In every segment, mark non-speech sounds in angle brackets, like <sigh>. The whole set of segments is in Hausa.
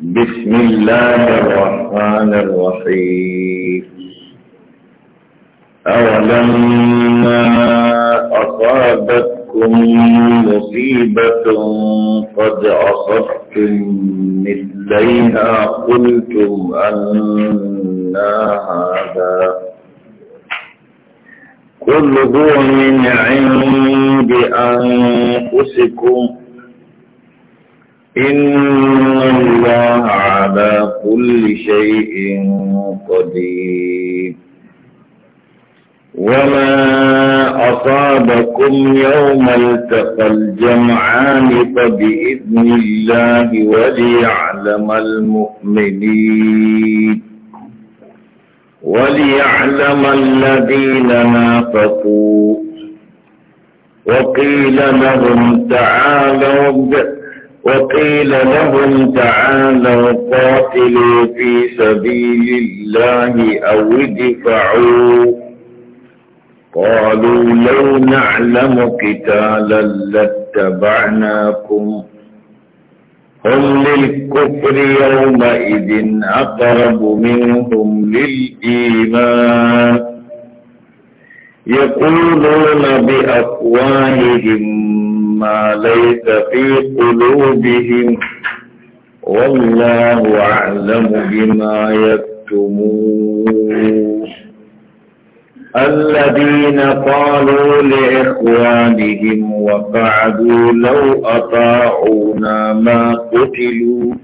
بسم الله الرحمن الرحيم أولما أصابتكم مصيبة قد أصبتم مثليها قلتم أنا هذا كل هو من عند أنفسكم إن الله على كل شيء قدير وما أصابكم يوم التقى الجمعان فبإذن الله وليعلم المؤمنين وليعلم الذين نافقوا وقيل لهم تعالوا وقيل لهم تعالوا قاتلوا في سبيل الله أو ادفعوا قالوا لو نعلم قتالا لاتبعناكم هم للكفر يومئذ أقرب منهم للإيمان يقولون بأفواههم ما ليس في قلوبهم والله أعلم بما يكتمون الذين قالوا لإخوانهم وقعدوا لو أطاعونا ما قتلوا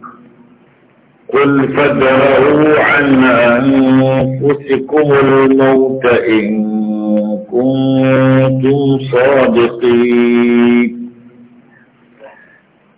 قل فادروا عن أنفسكم الموت إن كنتم صادقين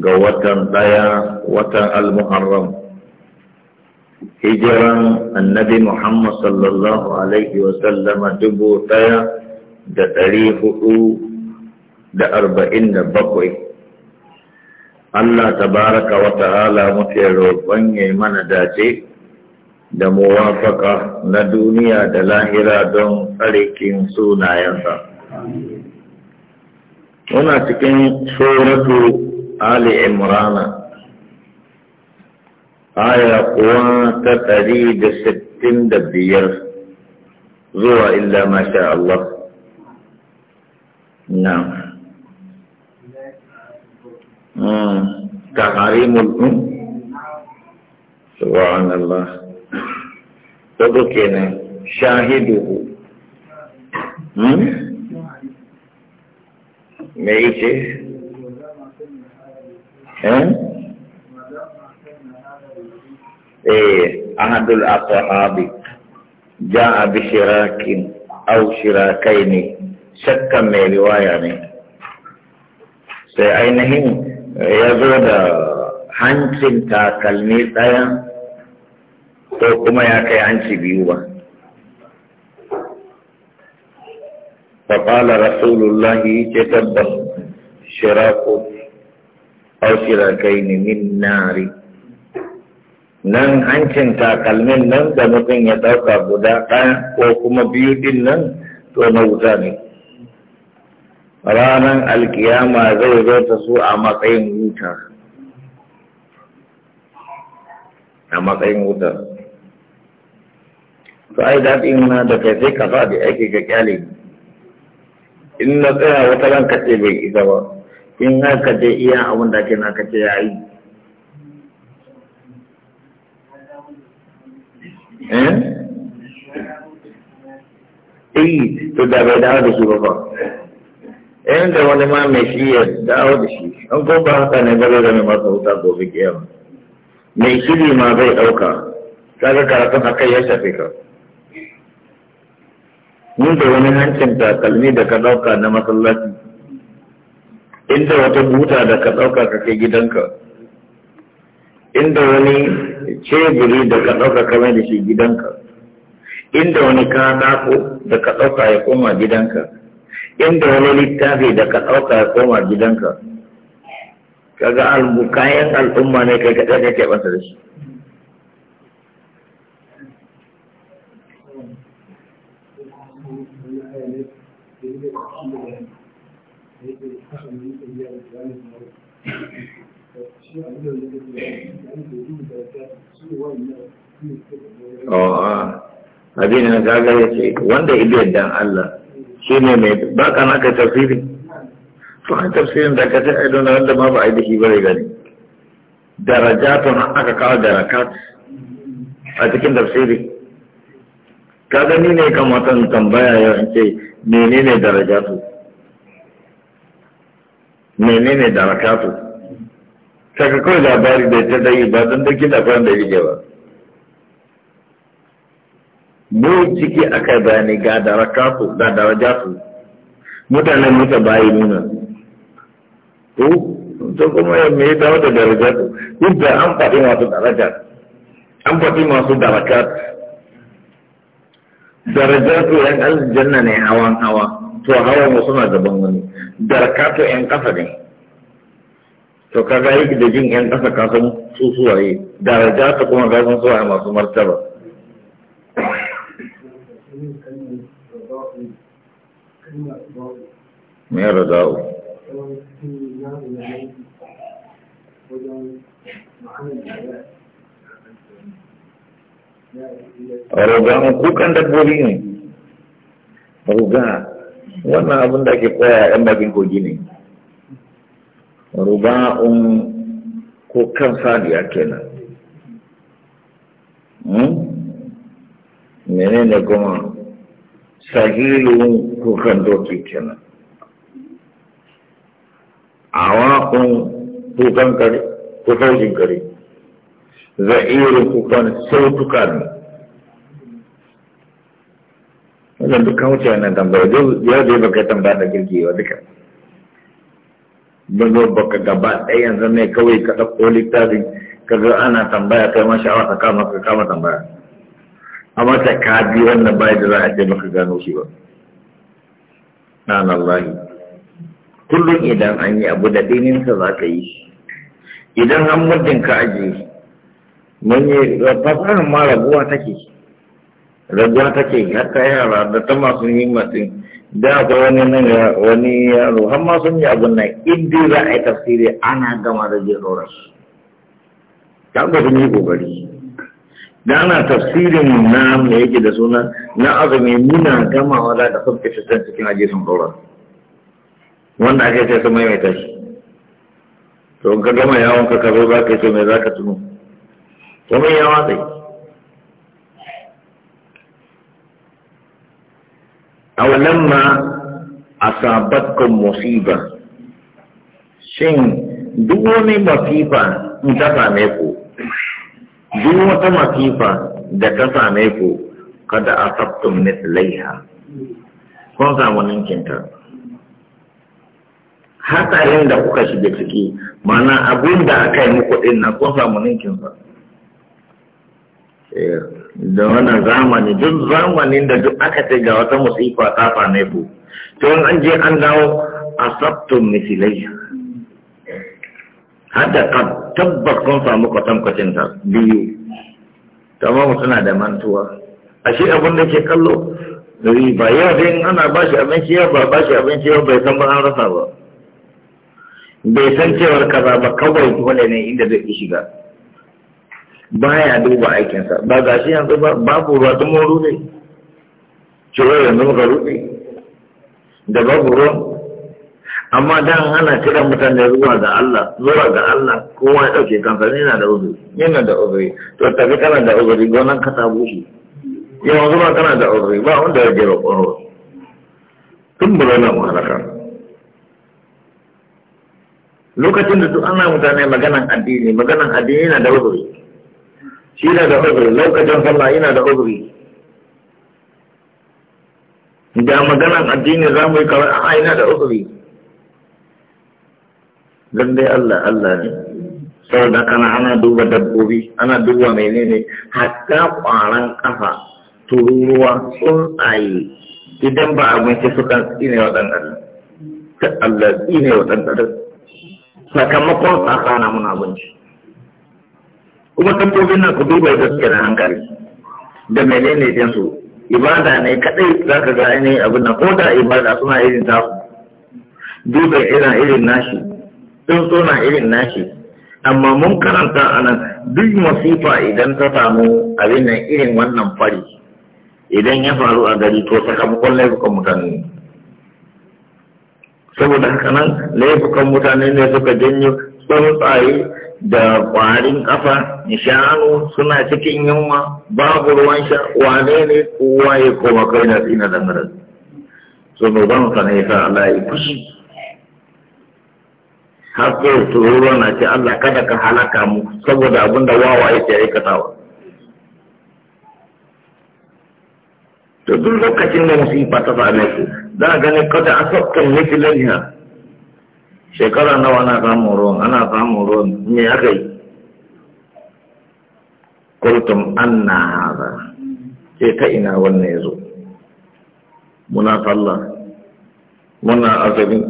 ga watan ɗaya watan al-muharram hijiran annabi muhammad sallallahu alaihi wasallama dubu ɗaya da ɗari hudu da arba'in da bakwai Allah tabaraka wa ta'ala muke roƙon ya mana dace da muwafaka na duniya da lahira don tsarikin sunayensa. Muna cikin suratu آل عمران آية قوان تتريد ستين دبير زوى إلا ما شاء الله نعم تحريم سبحان الله تذكرنا شاهده ميته Eh? eh, ahadul ashabi jaa bi shirakin aw shirakaini shakka me riwaya ne sai ainihin ya zo da hancin takalmi ɗaya ko kuma ya kai hanci biyu ba fa qala rasulullahi ce tabbas shirakun aw shirakaini min nari nan hancin takalmin nan da mutum ya ɗauka guda ɗaya ko kuma biyu ɗin nan to na wuta ne ranar alkiyama zai zo ta su a matsayin wuta a matsayin wuta to ai daɗi na da kai sai ka faɗi aiki ga kyale in na tsaya wata ranka ce bai isa ba in haka je iya abin da ake naka ce ya yi eh? eh to da bai dawo da shi ba ba in eh, da wani ma mai shi ya dawo da shi an ko ba haka ne ba zai zama masa wuta gobe kiyama mai shiri ma zai ɗauka kaga karatun akai ya shafe ka mun da wani hancin kalmi da ka ɗauka na masallaci inda wata buta da ka ɗauka ka kai gidanka inda wani cebiri da ka ɗauka ka mai da shi gidanka inda wani katako da ka ɗauka ya koma gidanka inda wani littafi da ka ɗauka ya koma gidanka kaga kayan al'umma ne kai kaɗai kake ɓata da shi Thank you. Oh, ah. abin na gaga ya ce wanda ibe dan Allah shi ne mai baka na ka tafsiri to an tafsirin da ka sai aidon wanda ma ba a yi da shi bare gani darajatun aka kawo darakat a cikin tafsirin. ka ni ne kamata tambaya yau in ce menene darajatu menene darakatu saka kawai labari da ta dai ba da dake ba da yake ba mu ciki aka bayani ga rakatu da darajatu mutanen muta bayi nuna to to kuma ya me wata da darajatu duk da an faɗi masu daraja an faɗi masu Daraja darajatu yan aljanna ne hawan hawa to hawa mu suna daban wani darka to yan kasa ne to ga yi da jin yan kasa kasan su suwaye daraja ta kuma kasan suwaye masu martaba mai rada'u Rogan kukan dabbobi ne, ruga wannan abin da ake koya yan bakin kogi ne ruba'un ko kan sadiya kenan hmm? mene ne kuma sahilun ko kan doki kenan awakun kukan kare ko saujin kare za'irun kukan sautuka ne wannan dukkan wuce wannan tambaya yau dai baka tambaya da girki girgewa duka ba zo baka gaba ɗaya yanzu ne kawai ka ɗauko littafin ka ga ana tambaya kai ma sha'awa ka kama ka kama tambaya amma ta ka bi wannan bai da za a ce maka gano shi ba nan Allah kullum idan an yi abu da dininsa za ka yi idan an muddin ka ajiye mun yi fasahar ma rabuwa take raguwa take haka yara da ta masu himmatin da ga wani nan wani yaro har ma sun yi abun nan inda za a yi tafsiri ana gama da jin rorar ta ga sun yi kokari da ana tafsirin na me yake da suna na azumi muna gamawa da da sun fitar cikin aje sun rorar wanda ake sai su maimaita shi to in ka gama yawon ka ka zo za ka yi to me za ka tuno to mai yawa tsaye ma lamma asabatkum musiba shin duk wani masifa in ta same ku duk wata masifa da ta same ku kada a sabtun mislaiha kun samu ninkinta hatsarin da kuka shiga ciki mana abin da aka yi muku ɗin na kun samu ninkinsa da wannan zamani duk zamanin da duk aka ce ga wata musifa ta fane ku to an je an dawo a sabtun misilai hadda ka tabbas kun samu kwatankwacin ta biyu tamam suna da mantuwa A shi abin da ke kallo riba yau dai ana ba shi abinci yau ba ba shi abinci yau bai san ba an rasa ba bai san cewar kaza ba kawai dole ne inda zai shiga baya duba aikinsa ba ga shi yanzu babu ruwa ta mun rufe cewa yanzu muka rufe da babu ruwa amma dan ana kira mutane zuwa ga Allah zuwa ga Allah kowa ya dauke kansa ne yana da uzuri yana da uzuri to tafi kana da uzuri gonan ka ta bushe yanzu ba kana da uzuri ba wanda ya jira ƙoro tun bura na mahalaka lokacin da duk ana mutane maganan addini maganan addini yana da uzuri shi na da uzuri lokacin sallah ina da uzuri da maganan addini za mu yi kawai a ina da uzuri don dai Allah Allah ne da kana ana duba dabbobi ana duba menene hatta kwaran kafa tururuwa tsuntsaye idan ba abinci sukan tsine wa ɗan ta Allah tsine wa ɗan adam sakamakon tsakana mun abinci kuma tambobin na ku duba gaske suke da hankali da menene din su ibada ne kadai za ka ga ainihin abin nan ko da ibada suna irin ta duba irin irin nashi sun suna irin nashi amma mun karanta a nan duk masifa idan ta samu abin nan irin wannan fari idan ya faru a gari to sakamakon laifukan mutane saboda haka nan laifukan mutane ne suka janyo tsuntsaye da ƙwarin ƙafa nishanu suna cikin yunwa babu ruwan sha wane ne kowa ya koma kai na tsina dangaren so no ban ya sa Allah ya fushi har sai tururo na ce Allah kada ka halaka mu saboda abin da wawa yake aikatawa to duk lokacin da fata ta same ku za a gani kada asabtum mithlaiha shekara nawa ana samun ruwan ana samun ruwan me aka yi kultum anna haza sai ta ina wannan ya zo muna sallah muna azabin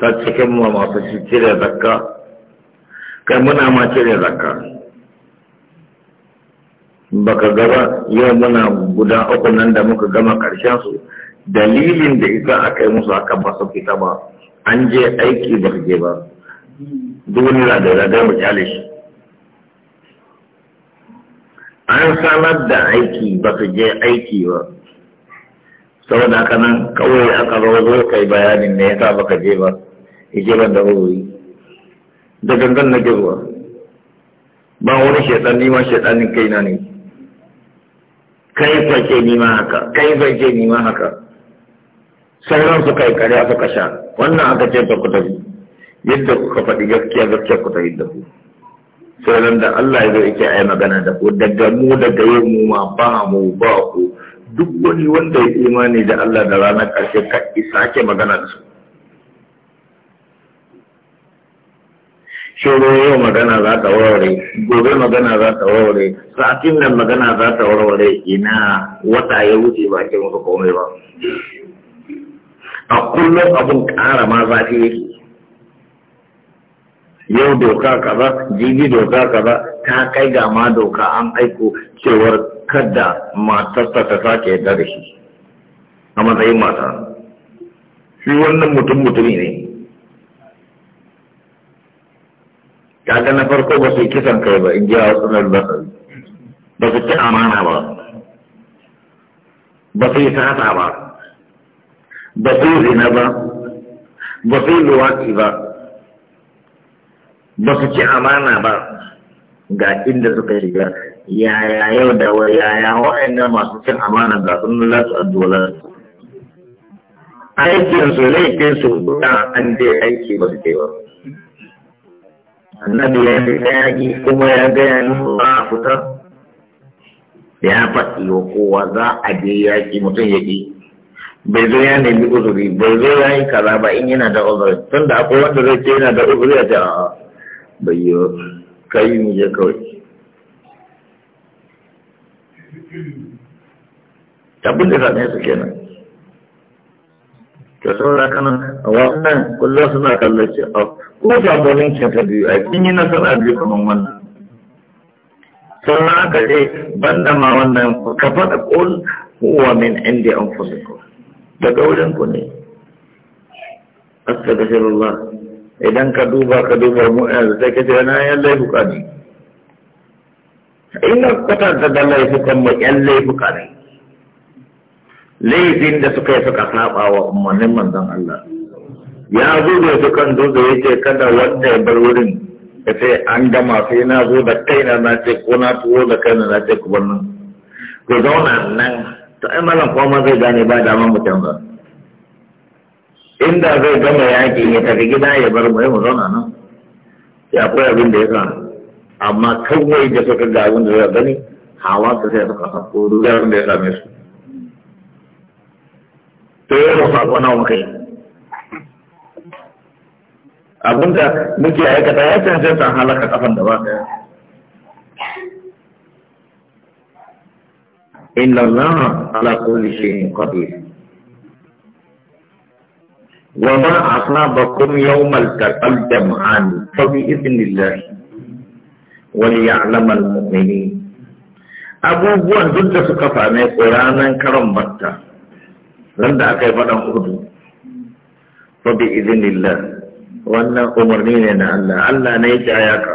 ta cikin mu masu cire zakka kai muna ma cire zakka baka gaba yau muna guda uku nan da muka gama karshen su dalilin da ita aka yi musu aka kan su fita ba an je aiki ba su je ba duk wani na da radar mu kyale shi an sanar da aiki ba su je aiki ba saboda haka nan kawai aka rawazo kai bayanin ne yasa baka je ba je ban da rawoyi da gangan na girwa ba wani shaitan nima ma shaitanin kaina ne kai fa ke nima haka kai fa ke ni ma haka sauran suka yi karya suka sha wannan aka ce ta ku tafi yadda kuka faɗi gaskiya gaskiya ku tafi da ku sauran da Allah ya zo yake ai magana da ku daga mu daga yau mu ma ba mu ba ku duk wani wanda ya imani da Allah da ranar ƙarshe ka isa ke magana da su shoro yau magana za ta warware gobe magana za ta warware satin nan magana za ta warware ina wata ya wuce ba ke musu komai ba a kullum abin ƙara ma zafi yake yau doka kaza jibi doka kaza ta kai ga ma doka an aiko cewar kada matarsa ta sake yadda da shi a matsayin mata shi wannan mutum mutumi ne kaga na farko ba su kisan kai ba in ji a wasu basari ba su ci amana ba ba su yi sata ba ba zai zina ba ba zai luwaki ba ba su ci amana ba ga inda suka riga yaya yau da wa yaya wa'annan masu cin amana ga sun lasu addu'a aikin su laifin su da an je aiki ba su ke ba annabi ya fi yaki kuma ya gaya ni ba a fita ya faɗi wa kowa za a je yaƙi mutum ya ƙi bai zo ya nemi uzuri bai zo ya yi kaza ba in yana da uzuri tun da akwai wanda zai ce yana da uzuri a ce a bai yi kai mu je kawai tabbin da zaɓe su kenan ta saura kanan a wannan kullum suna kallon ce a ko jagorin ta biyu a kin yi nasara biyu kamar wannan sannan aka ce da ma wannan ka faɗa ƙul huwa min inda an fusikun daga wurin ku ne astaghfirullah idan ka duba ka duba mu yanzu sai ka ce na yan laifuka ne ina kwatar da laifukan mu yan laifuka ne laifin da suka yi suka saba wa umarnin manzan Allah ya zo da su kan zo da yake kada wanda ya bar wurin ya ce an gama sai na zo da kaina na ce ko na tuwo da kaina na ce ku bar nan ku zauna nan to ai malam kuma zai gane ba dama mu canza inda zai gama yaƙi ya tafi gida ya bar mu mu zauna nan ya koyi abin da ya sa amma kawai da suka ga abin da zai gani hawa ta sai suka sako rugar da ya same su to ya zo sako na muka yi abinda muke aikata ya cancanta halaka kafan da ba ɗaya إن الله على كل شيء قدير وما أصابكم يوم التقى الجمعان فبإذن الله وليعلم المؤمنين abubuwan duk da suka same ku ranar karon batta nan da aka yi faɗan hudu fa bi izinillah wannan umarni ne na Allah Allah ne ya ki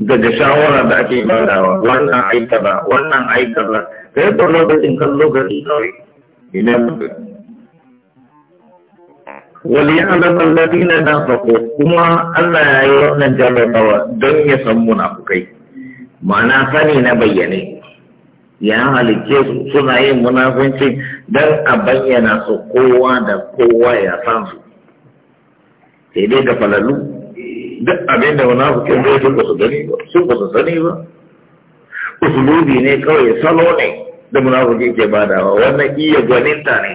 daga shawara da ake badawa wannan ba wannan aikata sai da lokacin kan lokacin kawai idan wali na nan nafaqu kuma Allah ya yi wannan jarrabawa don ya san munafukai ma'ana sani na bayyane ya halicce su suna yin munafunci don a bayyana su kowa da kowa ya san su sai dai da falalu duk abin da munafikin zai ba su gani ba sun ba su sani ba usulubi ne kawai salo ne da munafikin ke badawa wannan iya ta ne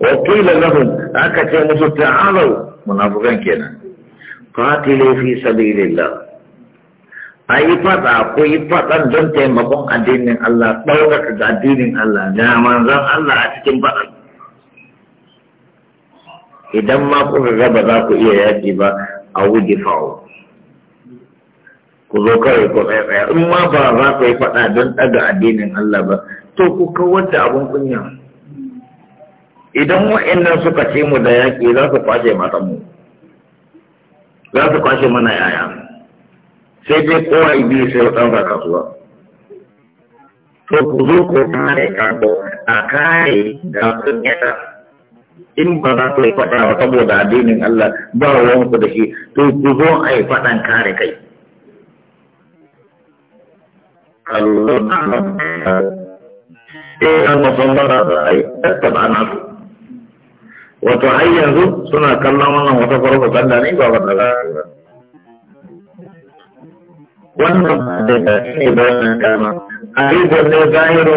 wakila lahum aka ce musu ta'alau munafikan kenan qatilu fi sabilillah a yi fata ko yi fatan don taimakon addinin Allah ɗaukaka ga addinin Allah da manzon Allah a cikin fatan idan ma kuka ga ba za ku iya yaƙi ba a wuji fawo ku zo kawai ku tsaya in ma ba za ku yi faɗa don ɗaga addinin Allah ba to ku kawar da abin kunya idan wa'annan suka ce mu da yaƙi za su kwashe mu za su kwashe mana yaya sai dai kowa biyu sai ya ɗan kasuwa to ku zo ku kare karbo a kare da kunyata in ba za ku yi faɗa ba saboda addinin Allah ba ruwan ku da shi to ku zo a yi faɗan kare kai Allah eh da ana su wato ai yanzu suna kallon wannan wata farko sanda ne ba ba wannan da ne ba wannan dama a yi zahiru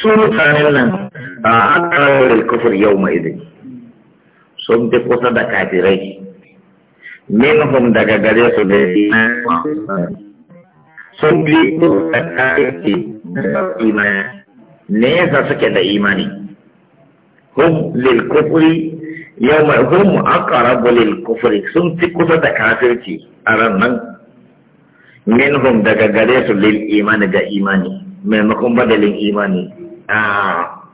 su mutanen nan a akarar kufur yau mai idin sun fi kusa da kafirai minhum daga gare su da sun fi da kafirai imani nesa suke da imani hum lil kufuri yau mai hum akarabu lil kufuri sun fi kusa da kafirci a ran nan minhum daga gare su lil imani ga imani maimakon badalin imani Ah.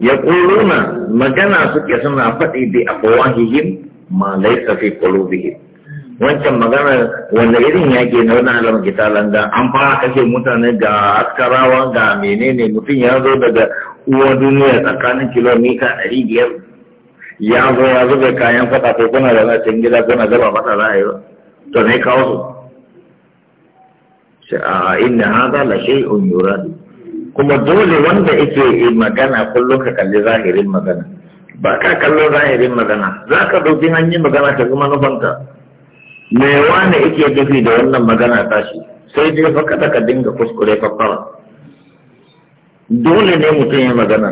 ya ƙuluna magana suke suna faɗi bi afwahihim ma laysa fi qulubihim wancan magana wanda irin yake na wani alam kitalan da an fara kashe mutane ga askarawa ga menene mutum ya zo daga uwa duniya tsakanin kilomita ari biyar ya zo ya zuba kayan faɗa ko kuna da cikin gida kuna gaba a ra'ayi to ne kawo su a inna hadha la shay'un yurad kuma dole wanda yake magana kullum ka kalli zahirin magana ba ka kallon zahirin magana za ka dauki hanyar magana ta zama nufanka me wane yake dafi da wannan magana tashi sai dai fa kada ka dinga kuskure fara. dole ne mutum ya magana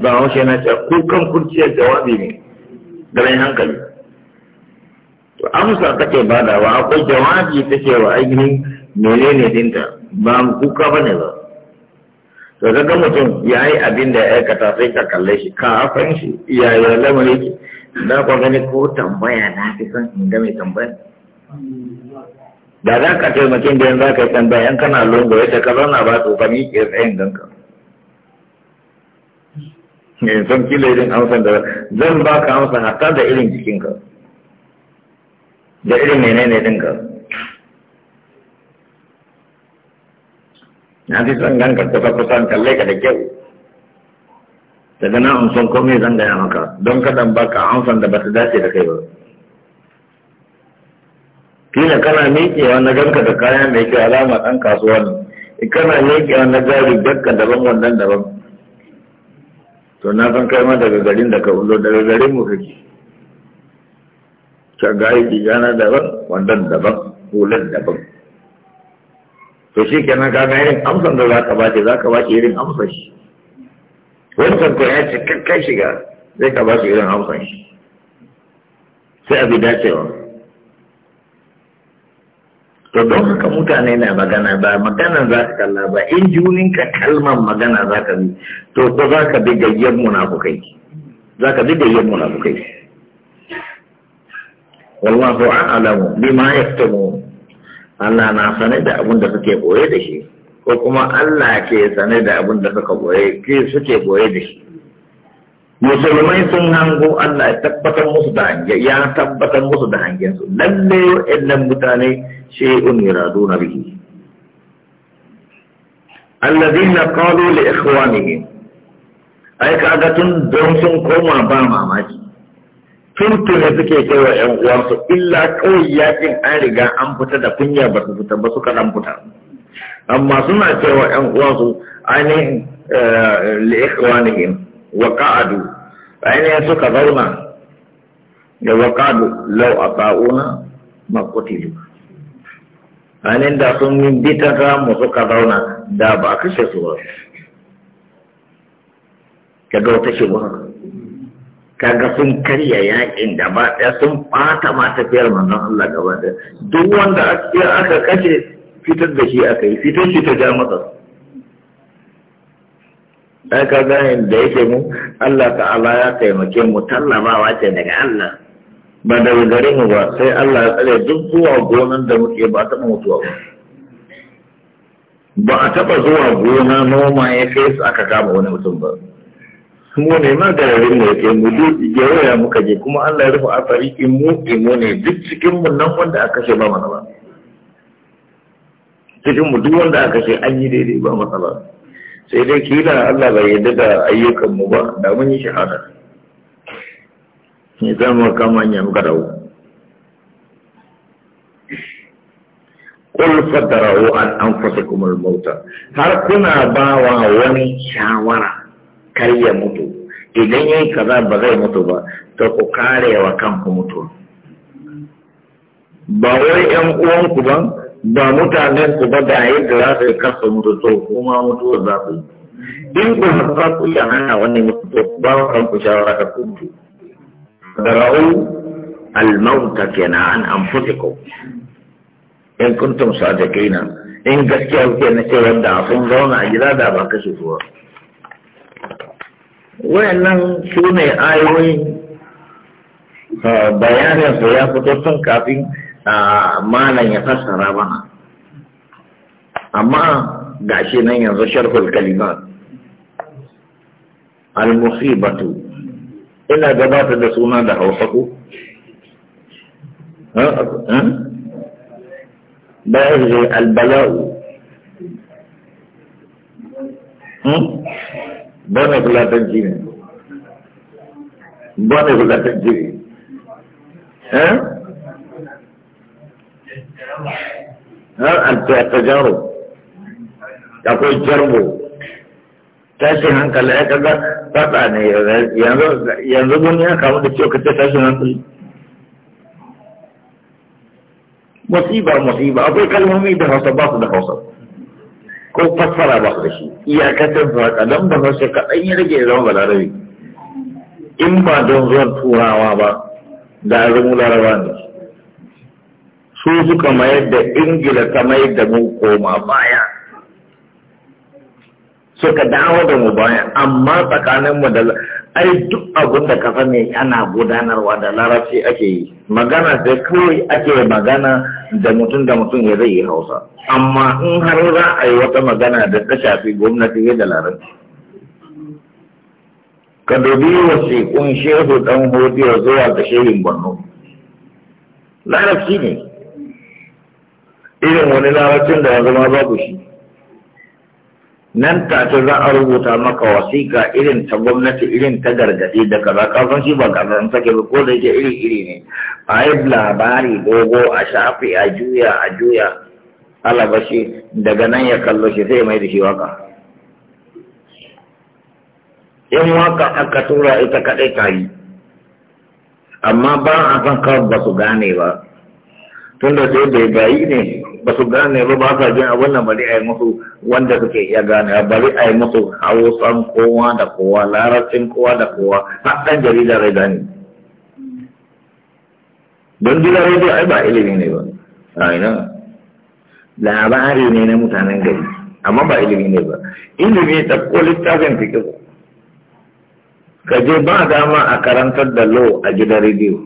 ba haushe na ce kukan kurciyar jawabi ne rai hankali to amsa take badawa akwai jawabi take wa ainihin menene dinta ba mu kuka ba ne ba to daga mutum ya yi abin da ya aikata sai ka kalle shi ka hafan shi ya yi lamari ki za ku gani ko tambaya na fi son in ga mai tambaya da za ka taimakin da yanzu ka yi tambaya yan kana longo ya ka zauna ba su ka miƙe tsayin ganka ne eh, son kila irin amsan da zan ba ka amsa hatta da irin jikinka da irin menene dinka na fi son ganka kusa kusan kalle ka da kyau daga na an son komai zan gaya maka don kadan baka amsan da ba su dace da kai ba kila kana miƙewa na ganka da kaya mai kyau alama ɗan kasuwa ne kana miƙewa na gari dakka daban wannan daban to na san kai ma daga garin da ka ulo daga garin mu kake ka ga aiki gana daban wannan daban hular daban to shi kenan kaga irin amsan da za ka ba shi za ka ba shi irin amsan shi wancan ko ya ce kakkai shiga zai ka ba shi irin amsan shi sai abi dacewa to don haka mutane na magana ba magana za ka kalla ba in juninka kalmar magana za ka bi to ko za ka bi gayyen munafukai za ka bi gayyen munafukai wallahu a'lamu bima yaktumun Allah na sane da abin da suke boye da shi ko kuma Allah ke sane da abin da suka boye ke suke boye da shi musulmai sun hango Allah ya tabbatar musu da hange ya tabbatar musu da hangen su lalle wa'annan mutane shi shay'un yuraduna bihi alladhina qalu li ikhwanihim ai kaga tun don sun koma ba mamaki tuntune suke kewa ‘yan uwansu illa kawai yakin an riga an fita da kunya ba su fita ba suka dan fita amma suna cewa ‘yan uwansu ainihin eh, la’ikwanihin wa ainihin suka zauna da waƙa'adu lau a sa'una makutilu ainihin da sun yi bita mu suka zauna da ba a kashe su ba ka ga wata shi ba haka kaga sun karya yakin ba ɗaya sun ɓata ma tafiyar manzon Allah gaba da duk wanda aka kashe fitar da shi aka yi fitar shi ta ja masa ɗan ka gane da yake mu Allah ta'ala ya taimake mu tallabawa ce daga Allah ba da gare mu ba sai Allah ya tsare duk zuwa gonan da muke ba ta mutuwa ba ba a taɓa zuwa gona noma ya kai su aka kama wani mutum ba mu ne da magararin mu ke mu duk ya muka je kuma Allah ya rufe asari in mu ke mu ne duk cikin mu nan wanda aka ce ba mana ba cikin mu duk wanda aka ce an yi daidai ba matsala sai dai kila Allah bai yadda da ayyukan mu ba da mun yi shahada ne za mu kama hanya muka dawo Kul wa an anfusakum al-mauta har kuna bawa wani shawara kar ya mutu idan yayi kaza ba zai mutu ba to ku kare wa kanku mutu ba wai ƴan uwanku ba ba mutanen ku ba da yadda za su kasa mutu to kuma mutu za ku yi in ku za ku iya hana wani mutu to ba wa kanku shawara ka ku mutu dara'u al-mauta kenan an anfusikum in kuntum sadiqina in gaskiya kuke na cewa da sun zauna a gida da ba kashe su nan su ne ayoyin eh, su ya fito sun kafin malam ya fassara ba amma ga shi nan yanzu sharhul kalimat al-musibatu ina gabatar da suna da hausa ko eh, eh? bayan al-bala'u hmm? ba mai fulatanci ne ba mai fulatanci ne eh har eh, a tajaro akwai jarbo tashin hankali ya kaga fada ne yanzu wani ya kamu da cewa kace tashin hankali musiba musiba akwai kalmomi da hausa ba su da ko fassara ba da shi iyakacin su haka don ba sai kaɗan ya rage zama balarabi in ba don zuwan turawa ba da rumu laraba ne su suka mayar da ingila ta mayar da mu koma baya ka dawo da mu baya amma tsakanin mu da ai duk abun da ka sani ana gudanarwa da larabci ake yi magana sai kawai ake magana da mutum da mutum ya zai yi hausa amma in har za a yi wata magana da ta shafi gwamnati ya da larabci ka dubi kun shehu dan hodiyo zuwa ga shehin borno larabci ne irin wani larabcin da yanzu ma babu shi nan take za a rubuta maka wasiƙa irin ta gwamnati irin ta gargaɗi da kaza san shi ba san sake ba ko da yake iri iri ne a yi labari dogo a shafi a juya a juya shi, daga nan ya kallo shi sai mai da shi waka in waka aka tura ita kaɗai ta yi amma ba a san kawai ba su gane ba tunda sai bai bayi ne ba su gane ba ba sa jin abin nan bari a yi musu wanda suke iya gane bari a yi musu hausan kowa da kowa larabcin kowa da kowa har ɗan jarida rai gane don gida rediyo ai ba ilimi ne ba a ina labari ne na mutanen gari amma ba ilimi ne ba ilimi ta ko littafin fikiru ka je ba dama a karantar da law a gidan rediyo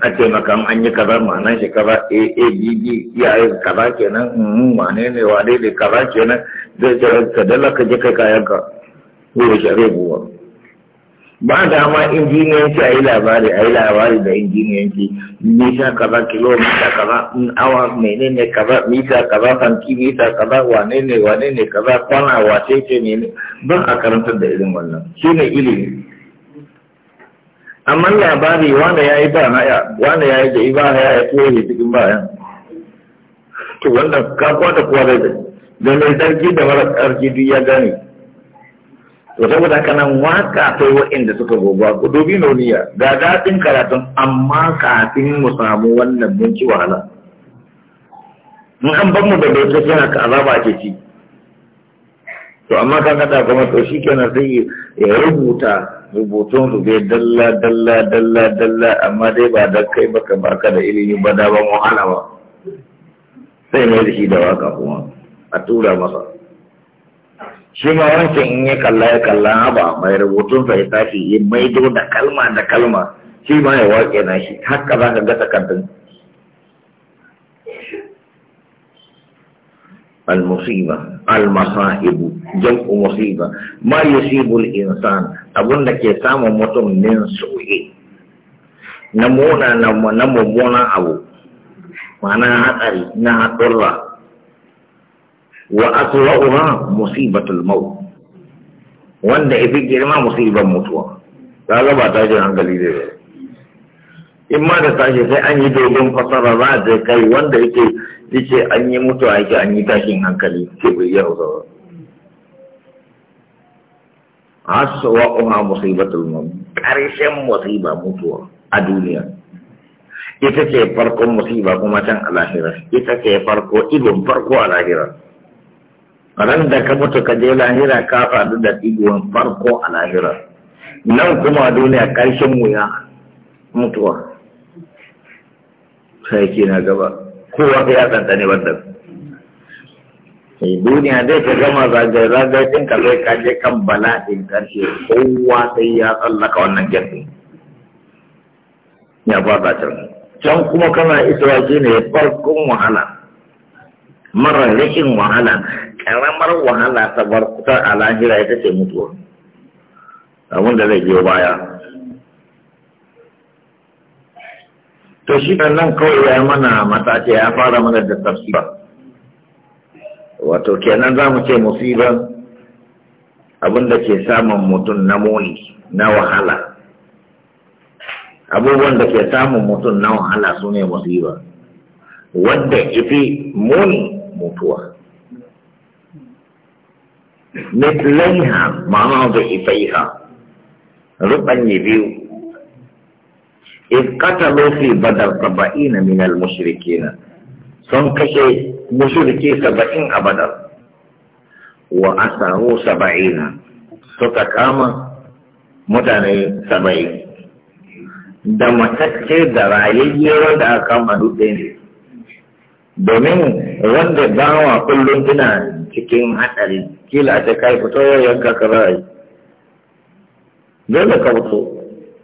a ce maka an yi kaza ma'anan shi kaza a a b b yi e, kaza kenan mm wane ne wane dai kaza kenan zai ce ka dala ka je kai kayan ka gobe shi zai buwa ba ma injiniyanci a yi labari a yi labari da injiniyanci nisa kaza kilomita kaza awa ne kaza mita kaza santimita kaza wane ne wane ne kaza kwana wace ce ne ba a karantar da irin wannan shi ne ilimi amma labari wanda ya yi ba haya wanda ya yi da ba haya ya tuwo ne cikin bayan to wanda ka kwata kuwa da da mai tsarki da mara tsarki duk ya gane to saboda haka nan waka sai wa'inda suka goba ku dubi noniya ga daɗin karatun amma kafin mu samu wannan mun ci wahala in an ban mu da bai ta suna ka azaba ake ci to amma kan kada kuma to shi kenan sai ya rubuta rubutun su dalla dalla dalla dalla amma dai ba da kai baka baka da ilimi ba da ban wahala ba sai mai dashi shi da waka kuma a tura masa shi ma wancan in ya kalla ya kalla ba mai rubutun sa ya tafi ya maido da kalma da kalma shi ma ya waƙe na shi haka za ka ga takardun المصيبة المصائب جمع مصيبة ما يصيب الإنسان أبونا لك يسام متم من سوء نمونا نمونا أبو معنى هتري نهتر وأطلعها مصيبة الموت وأن ya جرما مصيبة musibar قال ما تاجر عن قليل إما in أن يدعون فصر sai كي وأن dogon ce an yi mutu a yake an yi tashin hankali ce bai yi hausa ba aswa uha musibatul mum karshen musiba mutuwa a duniya ita ce farkon musiba kuma can a lahira ita ce farko igon farko a lahira ran da ka mutu ka je lahira ka faɗi da igon farko a lahira nan kuma a duniya karshen ya mutuwa sai ke na gaba kowa ya ɗanɗane wannan duniya dai ka gama zagaye-zagaye ka zai kaje kan bala'in ƙarshe kowa sai ya tsallaka wannan gefe ya ba can can kuma kana isra shi ne farkon wahala marar rikin wahala karamar wahala ta barkutar a lahira ita ce mutuwa abinda zai biyo baya to shi nan kawai ya mana matace ya fara mana da tafsira wato kenan za mu ce musibar abin da ke samun mutum na muni na wahala abubuwan da ke samun mutum na wahala su ne musiba wadda ifi muni mutuwa mitlaiha ma'ana da ifaiha ruɓanye biyu إذ قتلوا في بدر سبعين من المشركين كشي مشركي سبعين أبدا وأسروا سبعين ستكام متاني سبعين da matacce da rayayye wanda aka madu ne domin wanda bawa kullum tana cikin haɗari kila ta kai fito yanka ka dole ka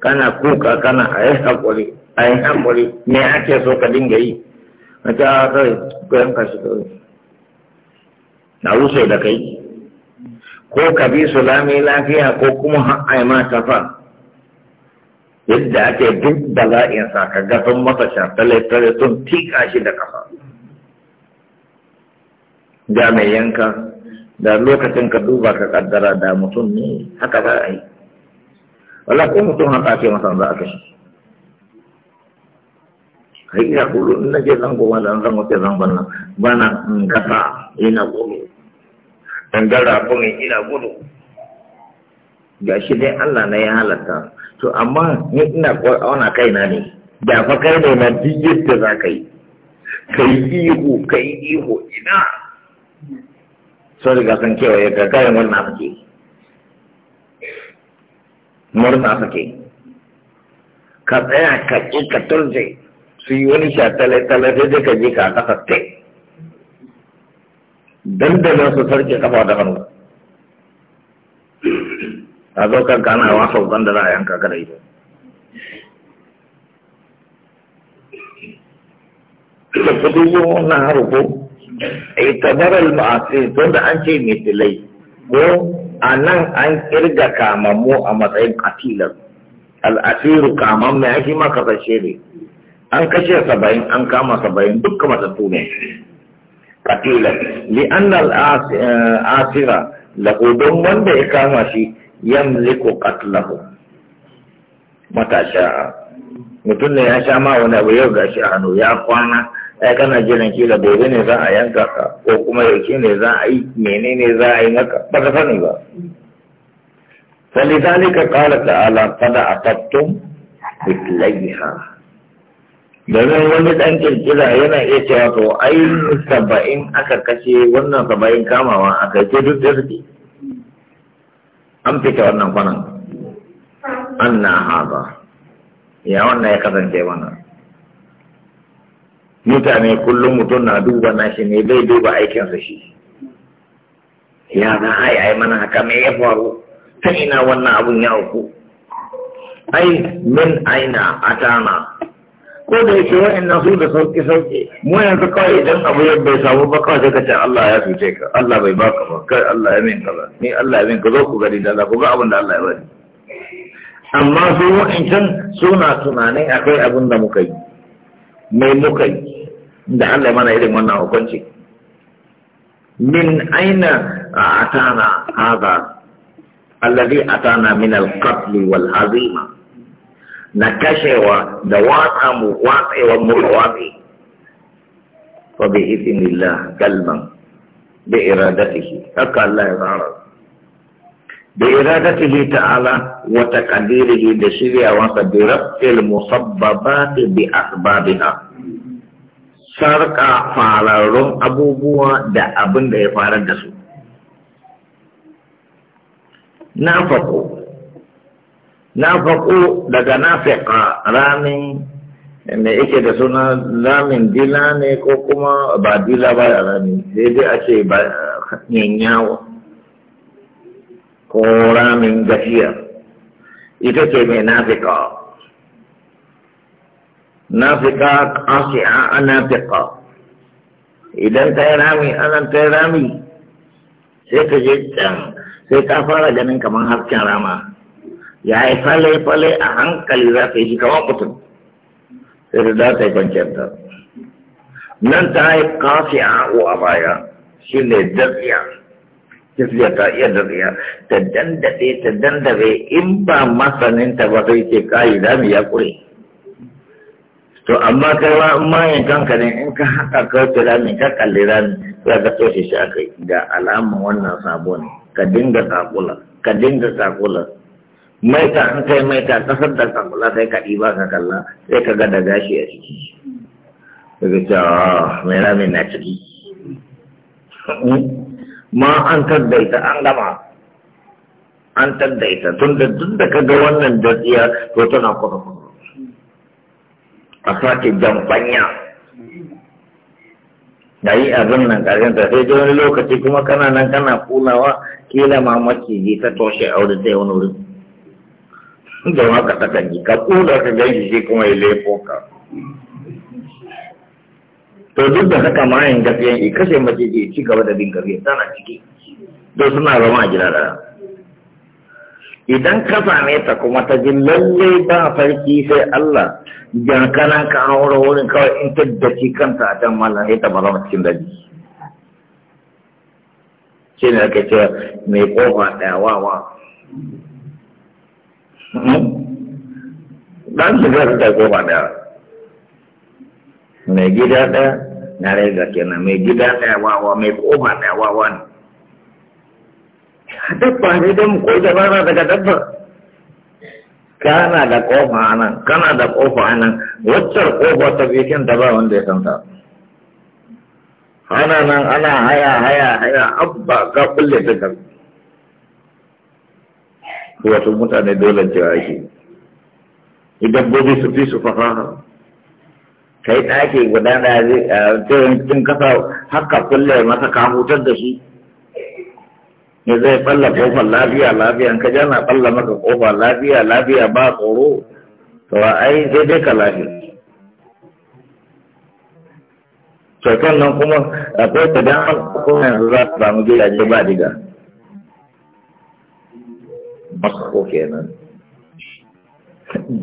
kana kuka kana a yi haƙuri a yi haƙuri me ake so ka dinga yi na ta kai ku yanka shi kawai na wuce da kai ko ka bi su lami lafiya ko kuma a yi mata fa yadda ake duk sa ka ga sun masa shafale-tale tun tika shi da kafa ga mai yanka da lokacin ka duba ka kaddara da mutum ne haka ba a yi wala ko mutum han ta ce masa za a kashe kai ina kulu je nake zango ma dan zango ke zan nan bana go mi ina gudu ko ni ina do ga shi dai Allah na ya halatta to amma ni ina auna kaina ne da fa kai ne na duk yadda za ka yi kai ihu kai ihu ina ga da gasan kewaye ga kai wannan abin murna ke, ka tsaya ka ƙi ka turje su yi wani sha tale-tale sai dai ka je ka kasa te dandalin su sarki kafa da hannu a zo kan kana wasa wukan da za a yanka da ita da kudu yi wannan haruko a yi eh, tabarar ma'asi tun da an ce tilai ko a nan an kirga kamammu a matsayin katilar al'asiru kamar mai ake maka kasashe ne an kashe saba'in an kama saba'in dukkan matattu ne katilar li'an al'asira eh, lahu wanda ya kama shi yamliku qatlahu matasha mutum ne ya sha ma wani abu yau shi a hannu ya kwana ai kana jiran kila gobe ne za a yanka ka ko kuma yaushe ne za a yi menene za a yi maka ba ka sani ba فلذلك قال تعالى قد عقبتم ha. domin wani ɗan kirkira yana iya cewa to ai saba'in aka kashe wannan saba'in kamawa a ce duk da suke an fita wannan kwanan an na haɗa ya wannan ya kasance mana mutane kullum mutum na duba nashi ne bai duba aikinsa shi ya na ai ai mana haka me ya faru ta ina wannan abun ya uku ai min aina atana ko da yake wa'annan su da sauki sauki mu yanzu kawai idan abu ya bai samu ba kawai sai ka ce Allah ya cuce ka Allah bai baka ba kai Allah ya min ba ni Allah ya min ka zo ku gari da Allah ku ga abin da Allah ya bari amma su wa'ancan suna tunanin akwai abin da muka yi mai muka yi da Allah mana irin wannan hukunci min aina atana hadha alladhi atana min al-qatl wal hazima na kashewa da watsa mu watsewa mu watsi fa bi idhnillah kalman bi iradatihi haka Allah ya tsara bi iradatihi ta'ala wa taqdirihi da shiryawansa bi rabbil musabbabati bi asbabiha Sarka fararrun abubuwa da abin da ya farar da su nafaku nafaku daga nafaka ramin mai yake da suna ramin dila ne ko kuma ba dila ba da rami sai dai a ce ba yanyawa ko ramin gafiya ita ce mai nafika nafika qasi'a anafiqa idan ta yi rami anan ta yi rami sai ka je can sai ka fara ganin kamar hasken rama ya yi fale-fale a hankali za ta yi shi kamar mutum sai da za ta yi kwanciyar ta nan ta yi qasi'a a baya shi ne datsiya tafiya ta iya daɗiya ta dandaɗe ta dandaɗe in ba masanin ta ba sai ce kayi dami ya ƙure to amma kai ma in mayan kanka ne in ka haka ka tura rami ka kalli rami za ka toshe shi aka Da ga wannan sabo ka dinga takula ka dinga takula maita an kai maita kasar da takula sai ka ɗiba ka kalla sai ka ga da gashi a ciki daga cewa ah, mai rami na ciki ma an taddaita an gama an taddaita tun da ka ga wannan datsiya to tana kofa. a sake jamfanya da yi abin nan ƙarshen ta sai wani lokaci kuma kana nan kana kunawa kila mamaki maciji ta toshe a wurin sai wani wurin da ma ka saka ji ka kula ka shi kuma ya lefo ka to duk da haka mayan gafiyan i kashe maciji ci gaba da bin gafiyan tana ciki to suna zama a gida da idan ka same ta kuma ta ji lallai ba farki sai Allah jankana ka an wura wurin kawai in ta dace kanta a can mallan sai ba bazama cikin daji shi ne aka ce mai kofa ɗaya wawa ɗan <laughs> shiga su ta kofa ɗaya mai gida ɗaya na rega kenan mai gida ɗaya wawa mai kofa ɗaya wawa ne duk ba sai dai mu koyi daga dabba kana da kofa anan kana da kofa anan waccar kofa ta bikin da ba wanda ya santa ana nan ana haya haya haya abba ka kulle ta kan wato mutane dole ce ake idan gobe su fi su fafaha kai ɗaki guda da zai cikin eh, kasa haka kulle masa ka hutar da shi ne zai balla kofar lafiya lafiya ka jana balla maka kofa lafiya lafiya ba tsoro to ai sai dai ka lafiya kyautar nan kuma akwai ta dan kuma yanzu za ta samu gidaje ba diga ke kenan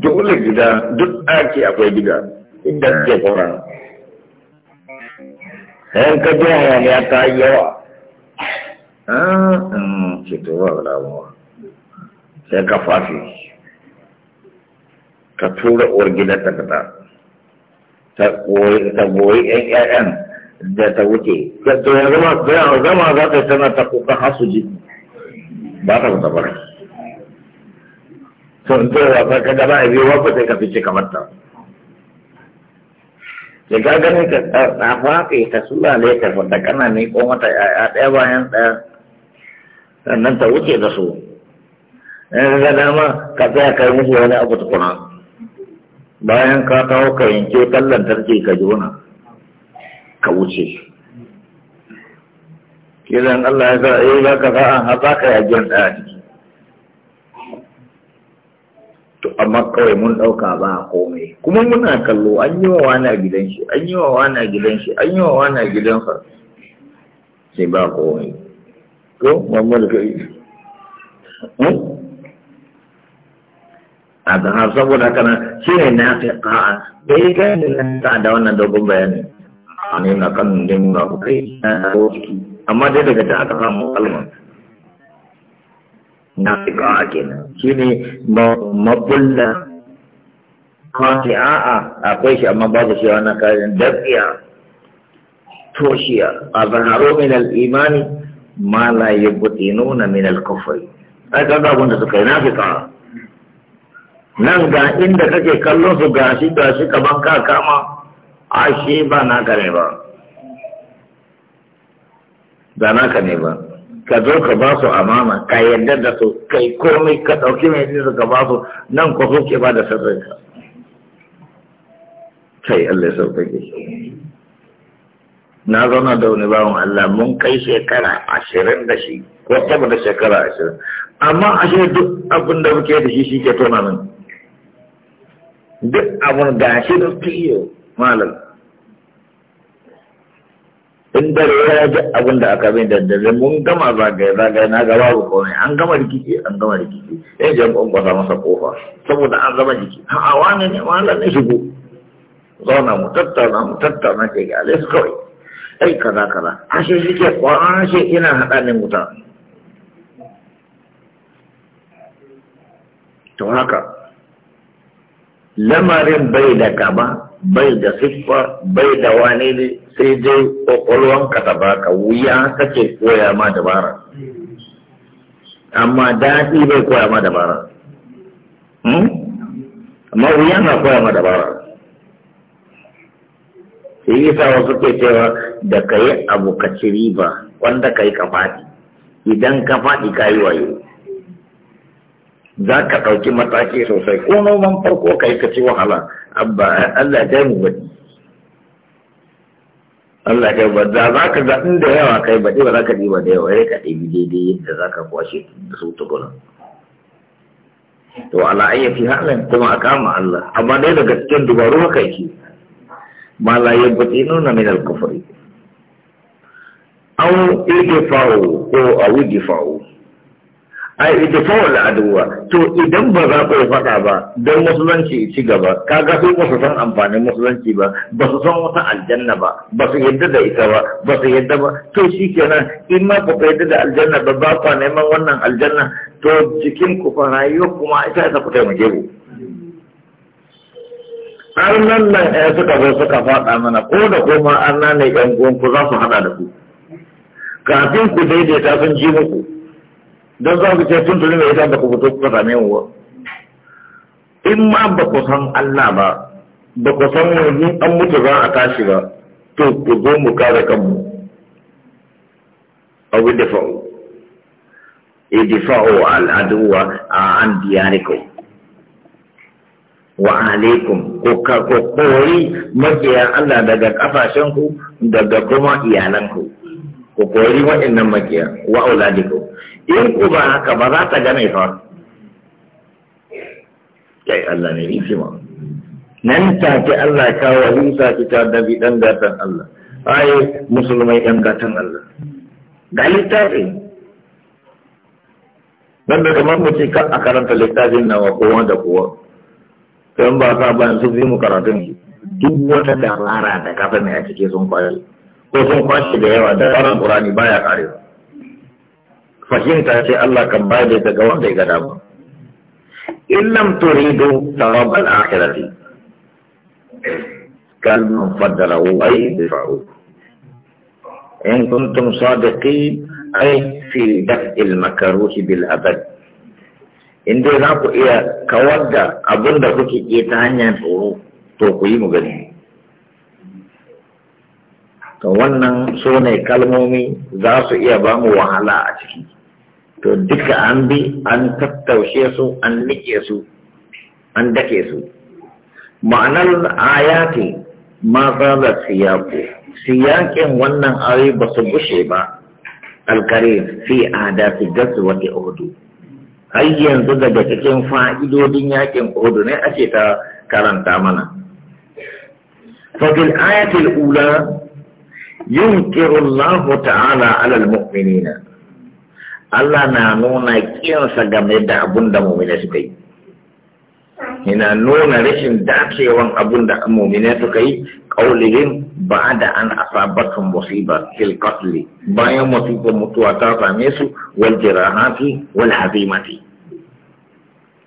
dole gida duk ɗaki akwai diga inda ke kwaran Sai ka ji hayaniya ta yawa ah to ba wala sai ka fafi ka tura uwar gidan ta fita ta goyi yan ƴaƴan da ta wuce to ya zama zama za ta tana ta kuka hasu ji ba ta fita ba to in to ya ka gaba a biyu wafa sai ka fice kamar ta sai ka gani ka tsafa ka yi ta sulale ka fata kana ne ko mata ƴaƴa ɗaya bayan ɗaya sannan ta wuce da su in ga dama ka tsaya kai musu wani abu tukuna bayan ka kawo ka yanke kan lantarki ka jona ka wuce kiran Allah ya sa eh za ka sa'a har za ka yagen ɗaya ciki to amma kawai mun ɗauka ba komai kuma muna kallo an yi wa wani a gidan shi an yi wa wani a gidan shi an yi wa wani a sa sai ba komai ko mamman ka yi a da har saboda kana shi ne na fi ka'a da yi gani na ta da wannan dogon bayani a ne na kan nemi ba ku kai na roki amma dai daga ta aka samu kalmar na fi ka'a kenan shi ne mabulla kawai a'a akwai shi amma babu shi wannan kayan dafiya toshiya a zanaro min al'imani ma la na min al-kufri ai kaga abin da suka yi nafika nan ga inda kake kallon su gashi gashi shi ka kama ashe ba ka ne ba ba ka ne ba ka zo ka ba su amana ka yadda da su kai komai ka ɗauki mai jinsu ka ba su nan ko ke ba da sirrinka kai Allah ya sauƙaƙe na zauna da wani bawan Allah mun kai shekara ashirin da shi ko sama da shekara ashirin amma ashe duk abin da muke da shi shi ke tona min duk abin da shi da fiye malam in da ya ji abin da aka bin daddare, mun gama zagaye zagaye na gaba ba komai an gama rikici an gama rikici sai an kwankwasa masa kofa saboda an zama jiki a wani ne malam ne shigo zauna mu tattauna mu tattauna ke ga alai kawai ai kaza kaza ashe shi ke kwanan shi ina haɗa ne wuta to haka lamarin bai da kama bai da siffa bai da wani ne sai dai ƙwaƙwalwan ka ta baka wuya kake koya ma dabara amma daɗi bai koya ma dabara hmm? amma wuya na koya ma dabara yi sawa wasu cewa da ka yi abu ka ci riba wanda ka yi ka faɗi idan ka faɗi ka yi wayo za ka ɗauki mataki sosai ko noman farko ka yi ka ci wahala abba Allah ya mu baɗi Allah ya ba da za ka ga inda yawa ka yi baɗi ba za ka ɗiba da yawa ya ka ɗibi daidai yadda za ka kwashe da su tukunan to ala ayyafi halin kuma a kama Allah amma dai daga cikin dubaru haka yake ma la nuna min al-kufri aw idfa'u ko aw idfa'u ai idfa'u al-adwa to idan baza za ku faɗa ba dan musulunci ci gaba kaga su ba amfanin musulunci ba ba su san wata aljanna ba ba su yadda da ita ba ba su yadda ba to kenan in ma ku yadda da aljanna ba ba ku neman wannan aljanna to cikin kuma ita ta ku taimake ku arnan nan ɗaya eh, suka zo suka faɗa mana ko da koma arna ne ɗan ku za su haɗa da ku kafin ku daidaita sun ji muku don za ku ce tun tuni mai idan da ku fito kuka same mu ba in ma ba ku san Allah ba ba ku san wani an mutu za a tashi ba to ku zo mu kare kanmu abu dafa'u idifa'u al'aduwa a an diyarikum wa alaikum ko ka ko kori makiya Allah daga ku daga kuma iyalanku ku kori waɗannan makiya wa auladikum in ku ba haka ba za ta gane fa kai Allah ne hikima nan ta ke Allah ka ki ta da bidan gatan Allah ai musulmai ɗan gatan Allah da littafi dan da kamar mu ka a karanta littafin nawa kowa da kowa don ba ka ban su fi mu karatun duk wata dabara da kafa mai a cike sun kwashe ko sun kwashe da yawa da tsarin ƙurani baya karewa fahimta ce Allah kan ba da daga wanda ya ga dama in lam turidu thawab al-akhirati kan faddalahu ay fa'u in kuntum sadiqin ay fi daf'il makruh bil abad in dai za ku iya kawar da abin da kuke ke ta hanyar tsoro to ku yi mu gani to wannan so ne kalmomi za su iya ba mu wahala a ciki to duka an bi an tattaushe su an nike su an dake su ma'anar ayati ma da siyaku siyakin wannan ayi ba su bushe ba alkarim fi gasu gazwati uhud har yanzu daga cikin fa'idodin yakin Uhud ne ake ta karanta mana fafil ayatul ula yunkiru Allah ta'ala alal mu'minina Allah na nuna kiyansa game da abunda da mu'mina suka yana nuna rashin dacewan abun da mumina suka yi ba da an asabatum musiba fil qatl bayan musibar mutuwa ta same su wal jirahati wal azimati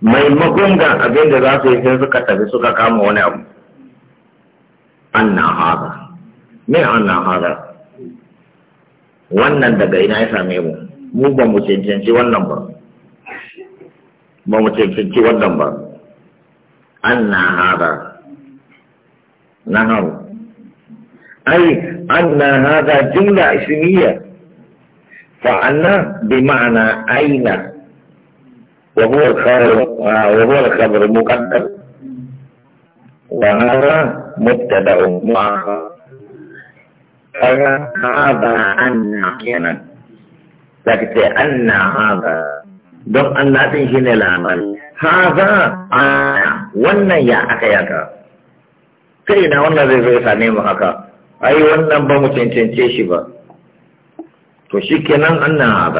Mai magunga abin da za su yi sai suka tafi suka kama wani abu anna hada me anna hada wannan daga ina ya same mu mu ba mu cancanci wannan ba ba mu cancanci wannan ba أن هذا نعم أي أن هذا جملة اسمية فأن بمعنى أين وهو الخبر وهو الخبر مقدم وهذا مبتدأ مؤخر هذا أن أحيانا لكن أن هذا دم أن لا تنشن العمل هذا أنا wannan ya aka yaka kai na wannan zai zo ya same mu haka ai wannan ba mu cancance shi ba to shi kenan an na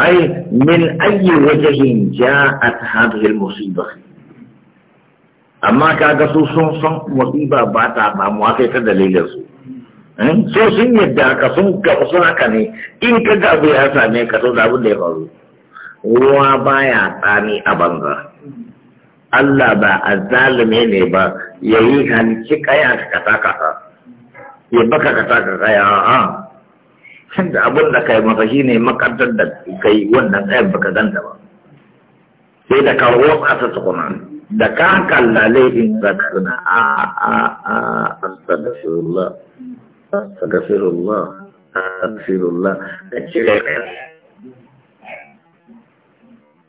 ai min ayi wajahin ja'at hadhihi al-musiba amma kaga su sun san musiba ba ta ba mu aka ta dalilin su hmm? so sun yadda ka sun ga sun haka ne in ka ga abu ya same ka to da abin da ya faru ruwa baya tsani a banza Allah ba azzalume ne ba ya yi hanci kaya ka kasa kasa ya baka kasa ka kaya a da abin da kai masa shi ne makantar da kai wannan kayan baka ganta ba sai da ka roƙa ta tukuna da ka kalla laifin zakana a a a astagfirullah astagfirullah astagfirullah da cire kai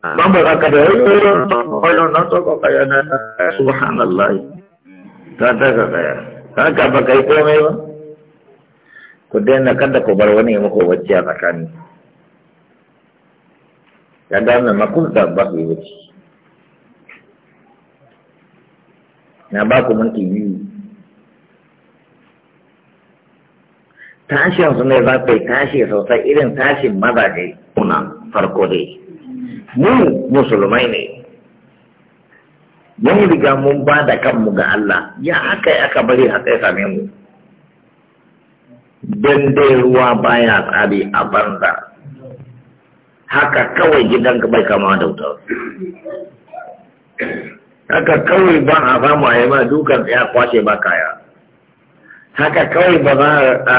Bamba za da wajen nan tsoko kaya na subhanallah ta ta ka kaya. Haka ba kai komai ba? Ku daina kada ku bar wani muku wacce a tsakani. Ya dana makunta ba su wuce. Na ba ku minti biyu. Tashin su ne za ku yi tashi sosai irin tashin mazaje kuna farko dai. mu musulmai ne mun riga mun ba da kanmu ga Allah ya aka yi aka bari a tsaye same mu don dai ruwa baya tsari a banza haka kawai gidan ka bai kama da wuta haka kawai ba a samu a yi ma dukan ya kwashe ba kaya haka kawai ba za a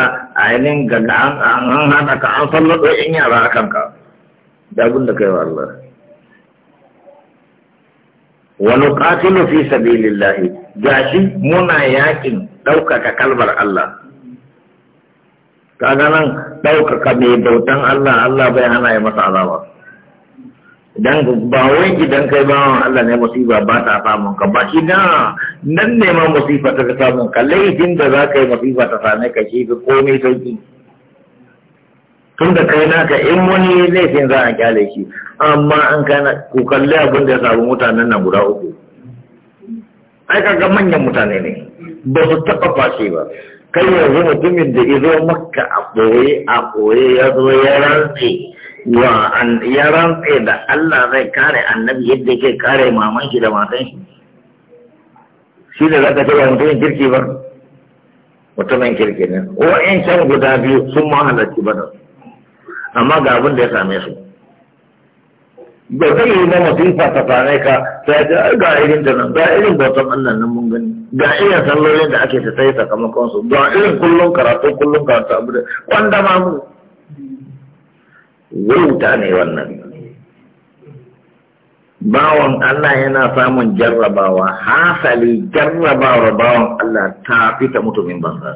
ainihin ga an hana ka an sallar da yan yara a kanka da abin da kai wa Allah wani ƙasilu fi sabilillahi gashi muna yakin ɗaukaka kalmar Allah kaga nan ɗaukaka mai bautan Allah Allah bai hana ya masa azaba idan ba wai idan kai bawan Allah ne musiba ba ta samun ka ba shi na nan ne ma musifa ta samun ka laifin da za ka yi musifa ta same ka shi ga komai sauki tun da kai naka in wani laifin za a kyale shi amma an kana ku kalli abin da ya samu mutanen nan guda uku ai kaga manyan mutane ne ba su taɓa fashe ba kai yanzu mutumin da izo makka a ɓoye a koye ya zo ya rantse wa ya rantse da Allah zai kare annabi yadda yake kare maman shi da matan shi shi da zaka ka ba mutumin kirki ba mutumin kirki ne wa'in can guda biyu sun ma halarci ba da su amma ga abin da ya same su ba zai yi ba masifa ta same ka sai ga ga irin da nan ga irin bautan Allah nan mun gani ga irin sallolin da ake ta sai sakamakon su ga irin kullum karatu kullum karatu abu da kwanda ma mu wuta ne wannan bawan Allah yana samun jarrabawa hasali jarrabawa bawan Allah ta fita mutumin banza.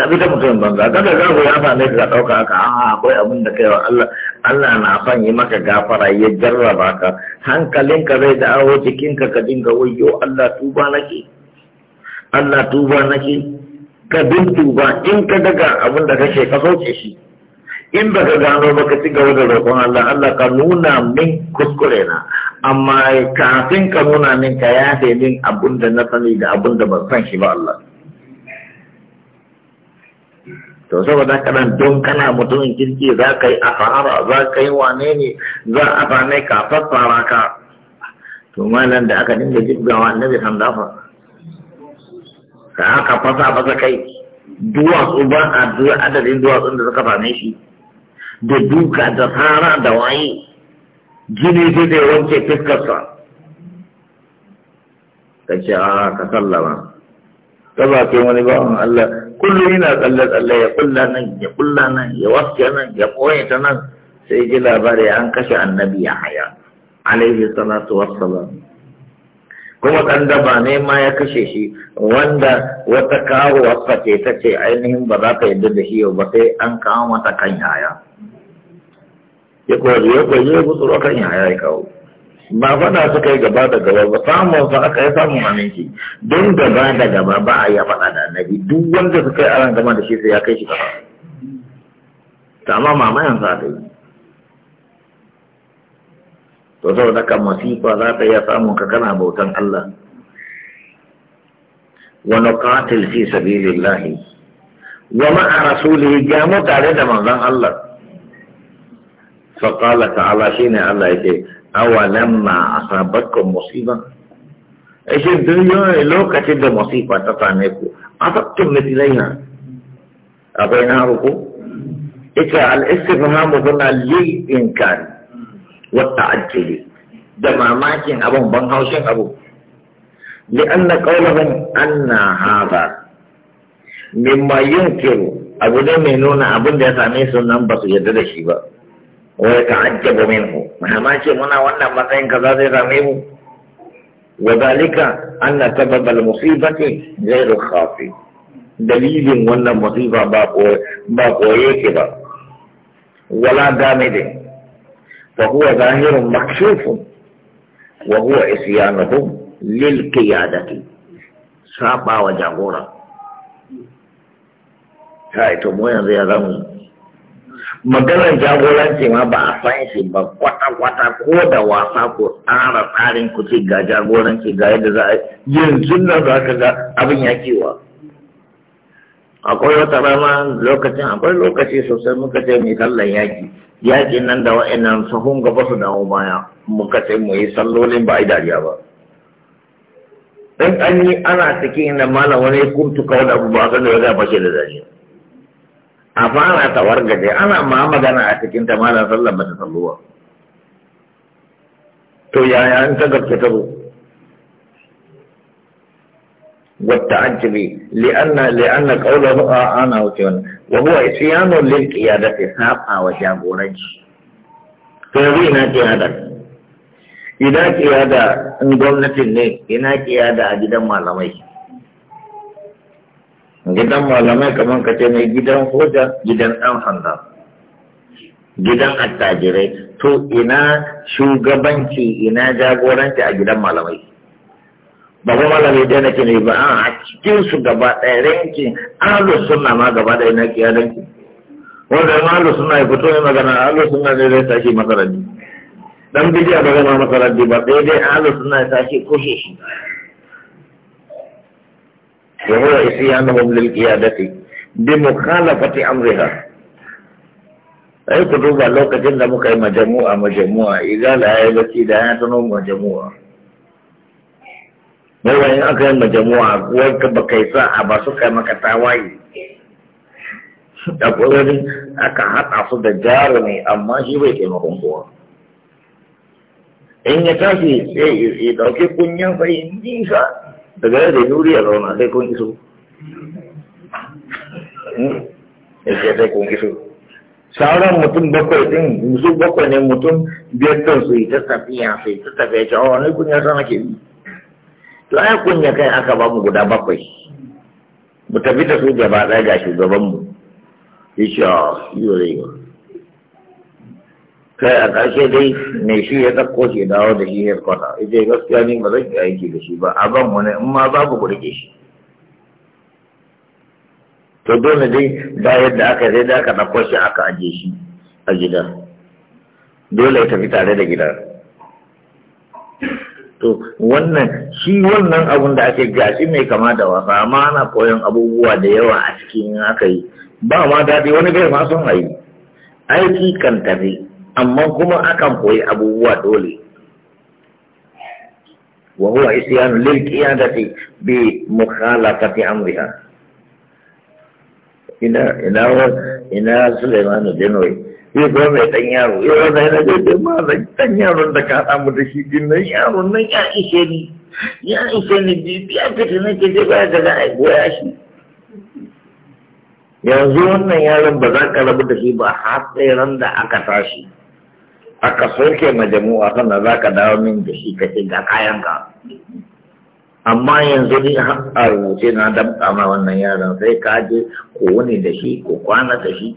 ta bi ta mutum banza kada gafo ya same ka ɗauka haka a akwai abin da kai wa Allah Allah na son yi maka gafara ya jarraba ka hankalin ka zai dawo jikinka ka dinga wayyo Allah tuba nake Allah tuba nake ka bin tuba in ka daga abin da kake ka sauke shi in ba ka gano ba ka ci gaba da roƙon Allah Allah ka nuna min kuskure na amma kafin ka nuna min ka yafe min abin da na sani da abin da ban san shi ba Allah to saboda kana don kana mutumin kirki za ka yi asara za ka yi wane ne za a fane ka fassara ka to malam da aka dinga jibgawa annabi sandafa ka aka fasa fasa kai duwatsu ba a duwa adadin duwatsun da suka fane shi da duka da tsara da waye Gini zai zai wanke fiskarsa ka ce a ah, ka sallama ta bakin wani bawan Allah kullum yana tsalle-tsalle ya kulla nan ya kulla nan ya waske nan ya koya ta nan sai ji labari an kashe annabi ya haya alaihi salatu wassalam kuma ɗan daba ne ma ya kashe shi wanda wata kawo wasa ce ta ce ainihin ba za ta yadda da shi yau ba sai an kawo mata kan yaya ya kwaje ya kwaje ya gutsuro kan yaya ya kawo ba faɗa suka yi gaba da gaba ba samun sa aka yi samun aminci don gaba da gaba ba a ya faɗa da annabi duk wanda suka yi aran gama da shi sai ya kai shi gaba ta amma mamayan sa ta yi to da kan masifa za ta iya samun ka kana bautan Allah Wani katil fi sabilillah wa ma'a rasulihi ga mu tare da manzon Allah fa qala ta'ala shine Allah yake awalan ma asabakum musiba ashe dunya ne lokacin da musiba ta same ku asabtum mithlaiha akwai na ruku ita al-istighfar kuna li inkari wa ta'ajjali da mamakin abun ban haushin abu li anna qawlahum anna hadha mimma yunkiru abu ne mai nuna abin da ya same sunan ba su yarda da shi ba ويتعجب منه ما شيء منا وانا متين كذا رميم وذلك أن سبب المصيبة غير خافي دليل وانا مصيبة باقوة يكبا ولا دامد فهو ظاهر مكشوف وهو عصيانهم للقيادة سابا وجابورا هاي تموين ذي maganar jagoranci ma ba a san shi ba kwata-kwata ko da wasa ko tsara tsarin ku ce ga jagoranci ga yadda za a yanzu na za ka ga abin ya kewa akwai wata rana lokacin akwai lokaci sosai muka ce mai sallan yaki yaƙi nan da wa'annan sahun gaba su dawo baya muka ce mu yi sallolin ba a yi dariya ba in an yi ana cikin da malam wani kuntu wani da ba da ya fashe da dariya a fara tawargaje ana ma a cikin ta malam sallan ba ta salluwa to yaya an ta gabta ta zo wata ajiri li'anna li'anna kaula ba ana wuce wani wa huwa isyanu lil qiyadati safa wa jagoranci to yanzu ina qiyada ina qiyada in gwamnatin ne ina qiyada a gidan malamai gidan malamai kamar ka ce mai gidan hoja gidan ɗan sanda gidan attajirai to ina shugabanci ina jagoranci a gidan malamai ba kuma malamai dai nake ne ba a cikin su gaba ɗaya rankin alu suna ma gaba ɗaya na kiya rankin wanda ma alu suna ya fito ne magana alu suna ne zai tashi masarar dan bidiya ba zama masarar ba ɗaya dai alu suna ya tashi kushe shi وهو عصيانهم للقيادة بمخالفة أمرها ai ku duba lokacin da muka yi majamu'a majamu'a igala ya yi bacci da ya aka yi majamu'a wanka ba kai sa a ba suka yi maka tawaye da aka haɗa su da jarumi amma shi bai taimakon kowa in ya tashi sai ya ɗauki kunyan fahimci nisa daga yau da nuri ya zauna sai kun iso hmm? ya ce sai kun iso sauran mutum bakwai din musu bakwai ne mutum biyar kan su yi ta tafiya su yi ta tafiya ce awa oh, ne kunya sana ke yi. to ai kunya kai aka ba mu guda bakwai mu tafi da su gaba ɗaya ga shugabanmu ya ce oh, a yi wa zai kai a ƙarshe dai mai shi ya ɗauko shi dawo da shi ya kwana ita gaskiya ni ba zan iya aiki da shi ba a ban wani in ma babu ku rike shi to dole dai da yadda aka sai da aka ɗauko shi aka aje shi a gida dole ya tafi tare da gida to wannan shi wannan abun da ake gashi mai kama da wasa amma ana koyon abubuwa da yawa a cikin aka yi ba ma daɗi wani bai ma son a yi aiki kan tafi amma kuma akan koyi abubuwa dole wa huwa isyanu lil qiyadati bi mukhalafati amriha ina ina ina Sulaiman Denoy shi ko mai dan yaro yau da yana da da ma da dan yaron da ka samu da shi din nan yaron nan ya ishe ni ya ishe ni bi ya fita na ke ba da za a goya shi yanzu wannan yaron ba za ka rabu da shi ba har sai ran da aka tashi aka soke majamu'a sannan za ka dawo min da shi ka ce ga ka. amma yanzu ni a rubuce na damƙa ma wannan yaron sai ka je ko wani da shi ko kwana da shi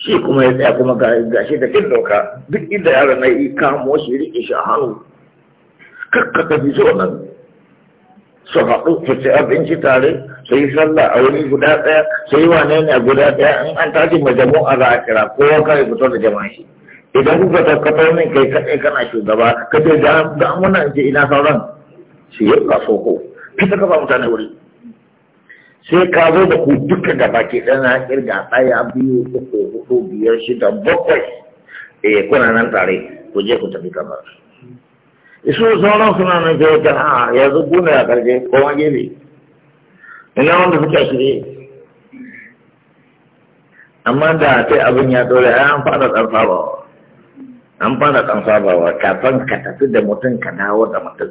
shi kuma ya tsaya kuma ga shi da kin doka duk inda yaron na yi kamo shi riƙe shi a hannu kakka ta bi zo nan su haɗu su ci abinci tare su yi sallah a wuri guda ɗaya su yi wane ne a guda ɗaya in an tashi majamu'a za a kira kowa kare fito da jama'a shi idan ta kafar min kai kaɗai kana shugaba ka ce da muna ce ina sauran shi yi ka soko ka ta kafa mutane wuri sai ka zo da ku duka gaba ke ɗana kirga tsaya biyu uku hudu biyar shida bakwai eh kuna nan tare ku je ku tafi kamar isu sauran suna nan ce wata a yanzu guna ya ko an gefe ina wanda suke shirye amma da sai abin ya dole ya an fara tsarfa ba an fara ɗan sabawa kafin ka tafi da mutum ka dawo da mutum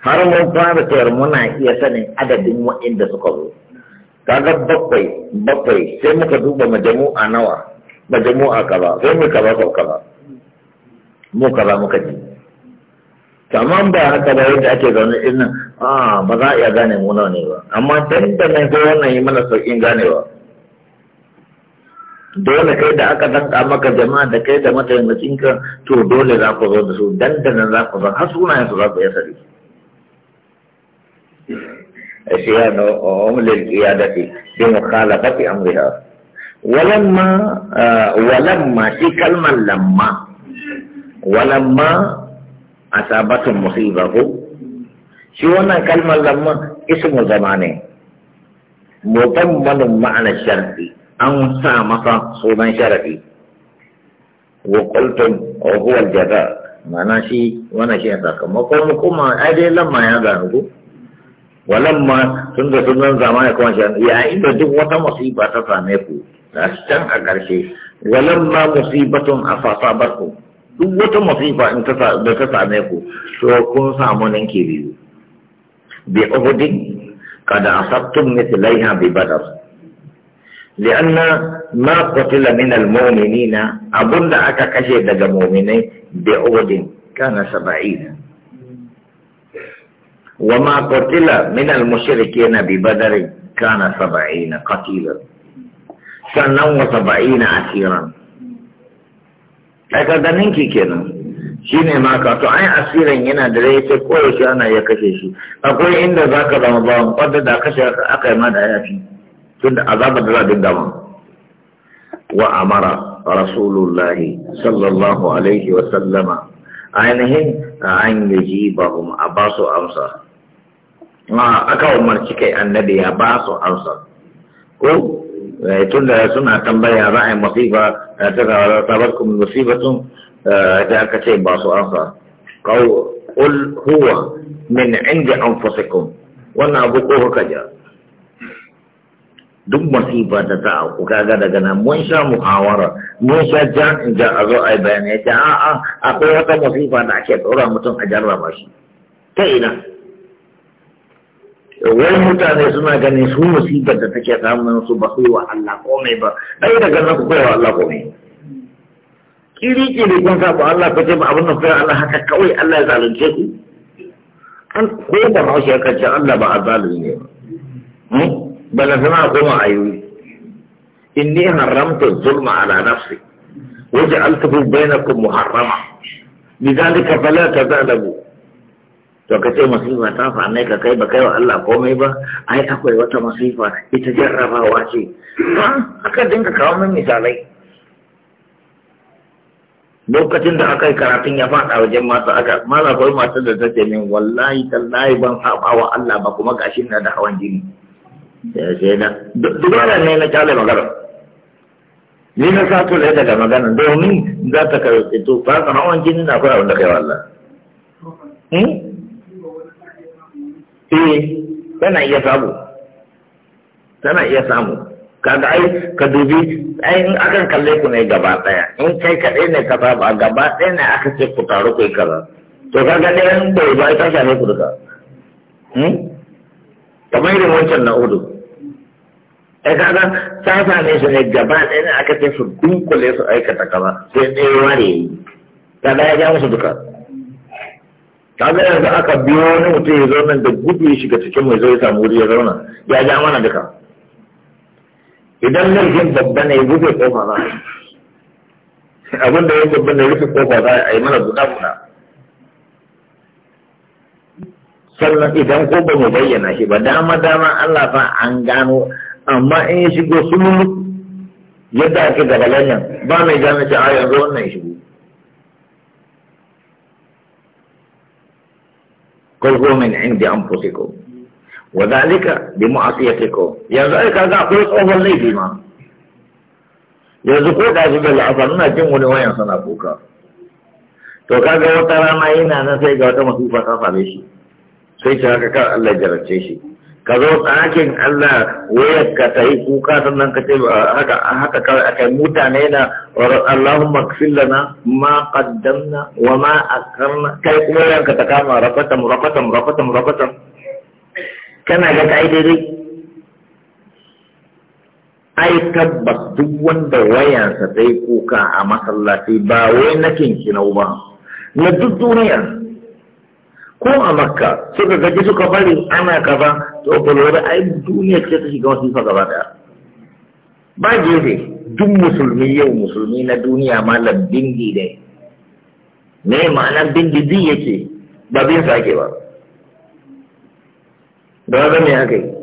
har mun fara cewar muna iya sanin adadin waɗanda suka zo kaga bakwai bakwai sai muka duba majamu'a nawa majamu'a kaza sai mu kaza sau kaza mu kaza muka ji kaman ba haka ba yadda ake zaune irin a ah, ba za a iya gane mu nawa ne ba amma dan da nan sai wannan yi mana sauƙin ganewa dole kai da aka danka maka jama'a da kai da mataimakinka to dole za ku zo da su dandanan za ku zo har sunayen su za ku yi sari ashiyan umlil qiyadati bi mukhalafati amriha walamma ah, walamma shi kalmar lamma walamma asabatun musiba ko shi wannan kalmar lamma ismu zamane mutammanun ma'ana sharti an sa masa sunan sharafi wa wa huwa jaza mana shi wannan shi sakamakon kuma ai dai lamma ya gano ku walamma tun da sunan zamani kuma shi ya inda duk wata musiba ta same ku da can a ƙarshe walamma musibatun asasabatkum duk wata masifa in da ta same ku to kun samu ke biyu bi ubudin kada asabtum mithlaiha bi badar لأن ما قتل من المؤمنين أبن أكا كشي دقا مؤمنين بعود كان سبعين وما قتل من المشركين ببدر كان سبعين قتيلا سنة سبعين أسيرا Aka ganin ki kenan shi ne ma ka ai asirin yana da rai sai koyaushe ana ya kashe shi akwai inda za ka zama bawan kwadda da kashe aka yi ma da yafi tunda azabar da za a dinga mun wa amara rasulullahi sallallahu alaihi wa sallama ainihin an yaji bahum a ba su amsa aka umarci kai annabi ya ba su amsa ko tunda suna tambaya za a yi masifa ta ga tabarkum musibatun da aka ce ba su amsa min inda من عند أنفسكم وانا أبوكوه كجا duk masifa ta ta auku kaga daga nan mun sha muhawara mun sha ja'in ja a zo a yi bayanai ta a'a akwai wata masifa da ake tsora mutum a jarraba shi ta ina wai mutane suna ganin su musibar da take samun su ba su wa Allah komai ba dai daga nan ku koya wa Allah komai kiri kiri kun sa ba Allah ku ce ba abin da kai Allah haka kawai Allah ya zalunce ku an ko da hausa kace Allah ba a zalunce ba hmm? bala sana kuma ayoyi inni haramta zulma ala nafsi waja'altuhu bainakum muharrama bidhalika fala bu. to ka ce masifa ta ne ka kai ba kai wa Allah komai ba ai akwai wata masifa ita jarrabawa ce aka dinka kawo min misalai lokacin da aka yi karatun ya faɗa wajen masu aka mala akwai masu da ta ce min wallahi tallahi ban saba wa Allah ba kuma gashin na da hawan jini da shi na dubara ne na kyale magana ni na sa tule daga magana domin za ta karɓi to ba ka ma'awan jini na kura wanda kai wallah hmm? eh tana iya samu tana iya samu kaga ai ka dubi ai in akan kalle ku ne gaba daya in kai kaɗai ne ka saba gaba ɗaya ne aka ce ku taru kai yi kaza to kaga ɗayan bai ba ta shafe ku duka hmm? kamar irin wancan na udu ai kaga ta ne su ne gaba ɗaya ne aka ce su dunkule su aikata kaza sai ɗaya ware yi kaga ya ja musu duka kaga yanzu aka biyo wani mutum ya zo nan da gudu ya shiga cikin mai zai samu wuri ya zauna ya ja mana duka idan laifin babba ne rufe kofa za a yi abin da ya babba ne rufe kofa za a yi mana guda-guda. sannan idan ko ba mu bayyana shi ba dama dama Allah fa an gano amma in ya shigo sululu yadda ake gaba lanyan ba mai gane ce a yanzu wannan shigo kul huwa min indi anfusikum wa dhalika bi mu'asiyatikum yanzu ai kaga akwai tsohon laifi ma yanzu ko da da la'asar ina jin wani wayan sana kuka to kaga wata rana yana nan sai ga wata masifa ta fare shi sai ce haka kan Allah jarace shi ka zo ɗakin Allah wayar ka ta yi kuka sannan ka ce haka haka kawai akai mutane na Allahumma kfil lana ma qaddamna wa ma akarna kai kuma yanka ta kama rafatam rafatam rafatam rafatam kana ga kai daidai ai tabbas duk wanda wayansa ta yi kuka a masallaci ba wai na kinkinau ba na duk duniya ko a makka suka gaji suka bari ana kaza to bulwada ai duniya ce ta shiga wasu gaba daya ba gefe duk musulmi yau musulmi na duniya malam dingi ne me ma'anar dingi din yake ba bin sake ba da wanda me aka yi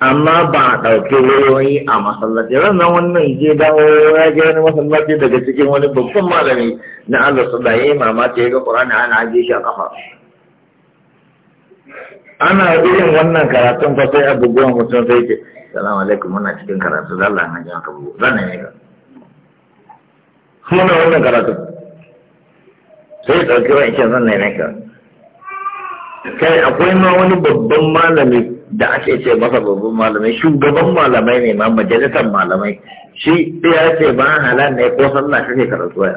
amma ba a ɗauki wayoyi a masallaci ranar wannan je dawo ya ga wani masallaci daga cikin wani babban malami na Allah su daye mamaki ya ga Qur'ani ana ajiye shi a kafa ana irin wannan karatun fa sai abubuwan mutum sai ce salamu alaikum muna cikin karatu zalla na ji aka bugu zan ne ka muna wannan karatu sai ɗauki wa'in shi zan ne ka kai akwai ma wani babban malami da ake ce masa babban malamai shugaban malamai ne ma majalisar malamai shi ya ce ba halal ne ko sallah kake karatu ya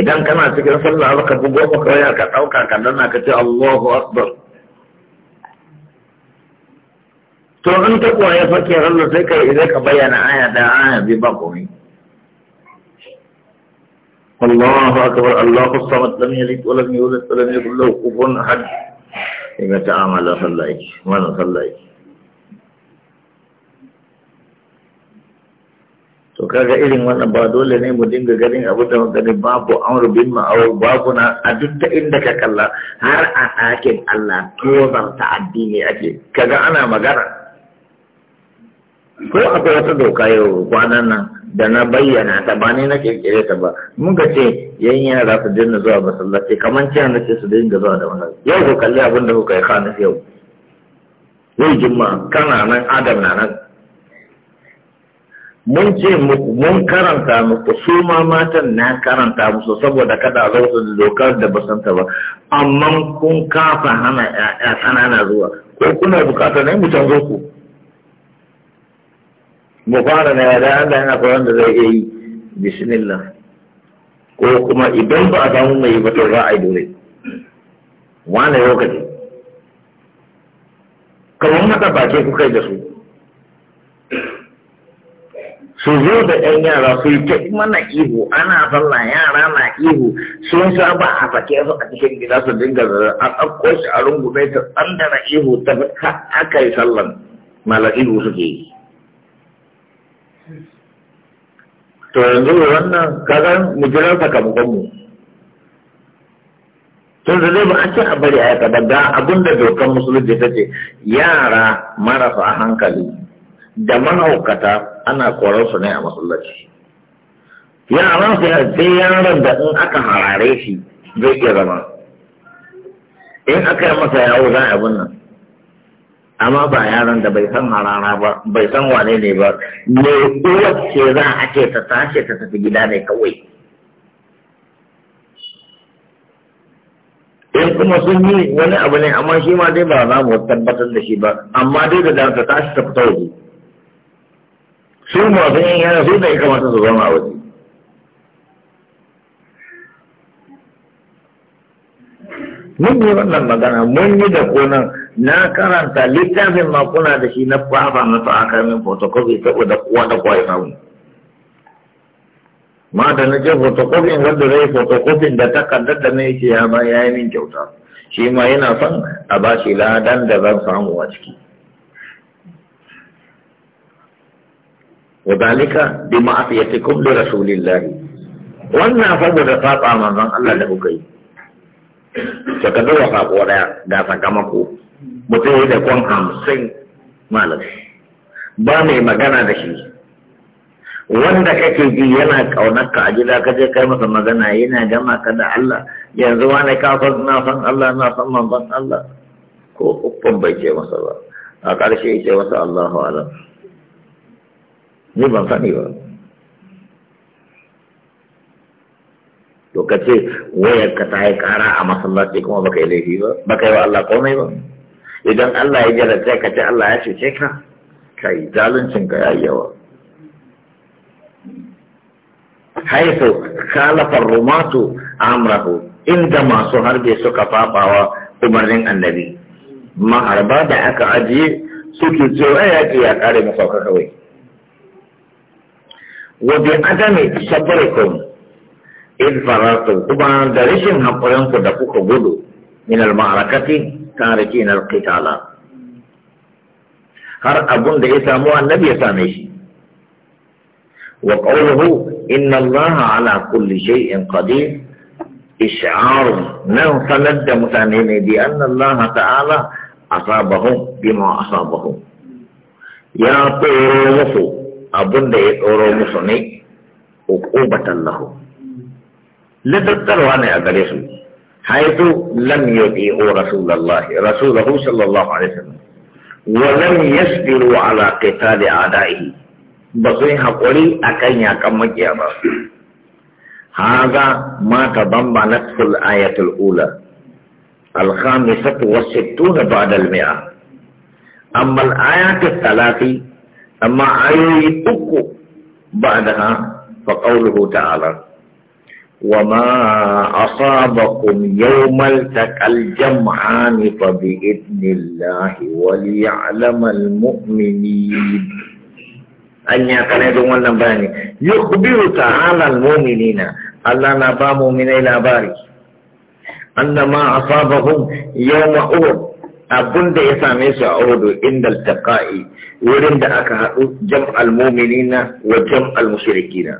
idan kana cikin sallah ka bi goma kawai ka ɗauka ka danna ka ce Allahu Akbar to in ta koya ya fake sai ka idan ka bayyana aya da aya bi ba komai الله أكبر الله الصمد لم يلد ولم يولد ولم يكن له كفوا أحد إذا تعامل صليت من صليت to kaga irin wannan ba dole ne mu dinga ganin abu da gani babu amru bin ma'awu babu na a duk ta inda ka kalla har a ɗakin Allah to zarta addini ake kaga ana magana ko akwai wata doka yau kwanan nan da na bayyana ta ba ne na kirkire ta ba mun ga ce yan yara su dinga zuwa masallaci kamar cewa na ce su dinga zuwa da wannan yau ku kalli abin da kuka yi kanu yau yau juma kana nan adam na nan mun ce mun karanta muku su ma matan na karanta musu saboda kada a su da dokar da basanta ba amma kun kafa hana ƴaƴa ƙanana zuwa ko kuna bukatar ne mu canzo ku mu fara na yada Allah yana koyon da zai yi bismillah ko kuma idan ba a samu mai batun ra'ayi dole wane lokaci kawai haka ba ke kuka da su su zo da ɗan yara su yi ta mana ihu ana sallah yara na ihu sun saba a sake su a cikin gida su dinga zara a ɗauko shi a rungume ta tsandana ihu ta aka yi sallan malar ihu suke yi to yanzu wannan kaga mu jira sakamakon mu to da zai ba a ce a bari a yaka ba da abin da dokan musulunci ta ce yara marasa hankali da mahaukata ana korar su ne a masallaci yaran su sai yaran da in aka harare shi zai iya zama in aka yi masa yawo za a abin nan amma ba yaron da bai san harara ba bai san wane ne ba me wacce za a ce ta tashi ta tafi gida ne kawai in kuma sun yi wani abu ne amma shi ma dai ba za mu tabbatar da shi ba amma dai da ta tashi ta fita waje su masu yin yana su da ya kamata su zama a waje mun yi wannan magana mun yi da konan na karanta littafin ma kuna da shi na fafa na ta aka min photocopy saboda kowa da kowa ya samu ma da na je photocopy wanda zai photocopy da takardar da na yake ya bayan ya yi min kyauta shi ma yana son a ba shi ladan da zan samu a ciki wadalika bi ma'afiyatikum li rasulillahi wannan saboda saba manzon Allah da kuka yi saka dawa sako daya da sakamako mutum da kwan hamsin malam ba mai magana da shi wanda kake ji yana ƙaunarka a gida ka je kai masa magana yana gama ka da Allah yanzu wani ka san na san Allah na san manzon Allah ko uffan bai ce masa ba a ƙarshe ce masa Allahu alam ni ban sani ba to ka ce wayar ka ta yi ƙara a masallaci kuma baka yi laifi ba baka yi wa Allah komai ba idan Allah ya jarabta ka ce Allah ya cece ka kai zaluncin ka yayi yawa haifu kalafar rumatu amrahu inda masu harbe suka fafawa umarnin annabi maharba da aka ajiye suke cewa yaƙi ya ƙare masauka kawai wajen adami adami sabrikum in fara kuma da rashin haƙurinku da kuka gudu min al-ma'arakati tarikin alkitala har abun da ya samu annabi ya same shi wa qawluhu inna allaha ala kulli shay'in qadir ishar nan sanar da mutane ne bi anna allaha ta'ala asabahum bima asabahum ya tsoro musu abun da ya tsoro musu ne uqubatan lahu ladattarwa ne a gare su حيث لم يطيعوا رسول الله رسوله صلى الله عليه وسلم ولم يصبروا على قتال أعدائه بصين حقولي أكن يكن مجيبا هذا ما تضمنته الآية الأولى الخامسة والستون بعد المئة أما الآيات الثلاث أما ايه أكو بعدها فقوله تعالى وما أصابكم يوم التقى الجمعان فبإذن الله وليعلم المؤمنين أن يقنعوا النباني يخبر تعالى المؤمنين ألا نبا مؤمنين لاباري أن ما أصابهم يوم أول abun da ya same su a Urdu inda taqa'i wurin da aka haɗu jam'al mu'minina wa jam'al mushrikina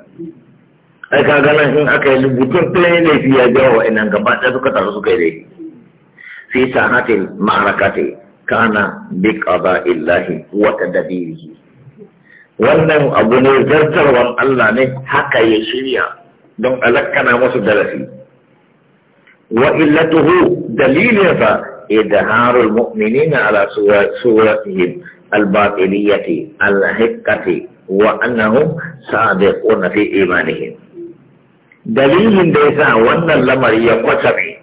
ai ka ganin in aka yi rubutun ɗaya laifi ya jawo wa inan gaba ɗaya suka taru suka yi laifi fi sahatin ma'arakati kana bi qada illahi wata tadbirihi wannan abu ne zartarwan Allah ne haka ya shirya don alakkana masu darasi wa illatuhu dalilinsa idharul mu'minina ala suratihim al-batiliyati al-hiqqati wa annahum sadiquna fi imanihim dalilin da ya sa wannan lamari ya kwatare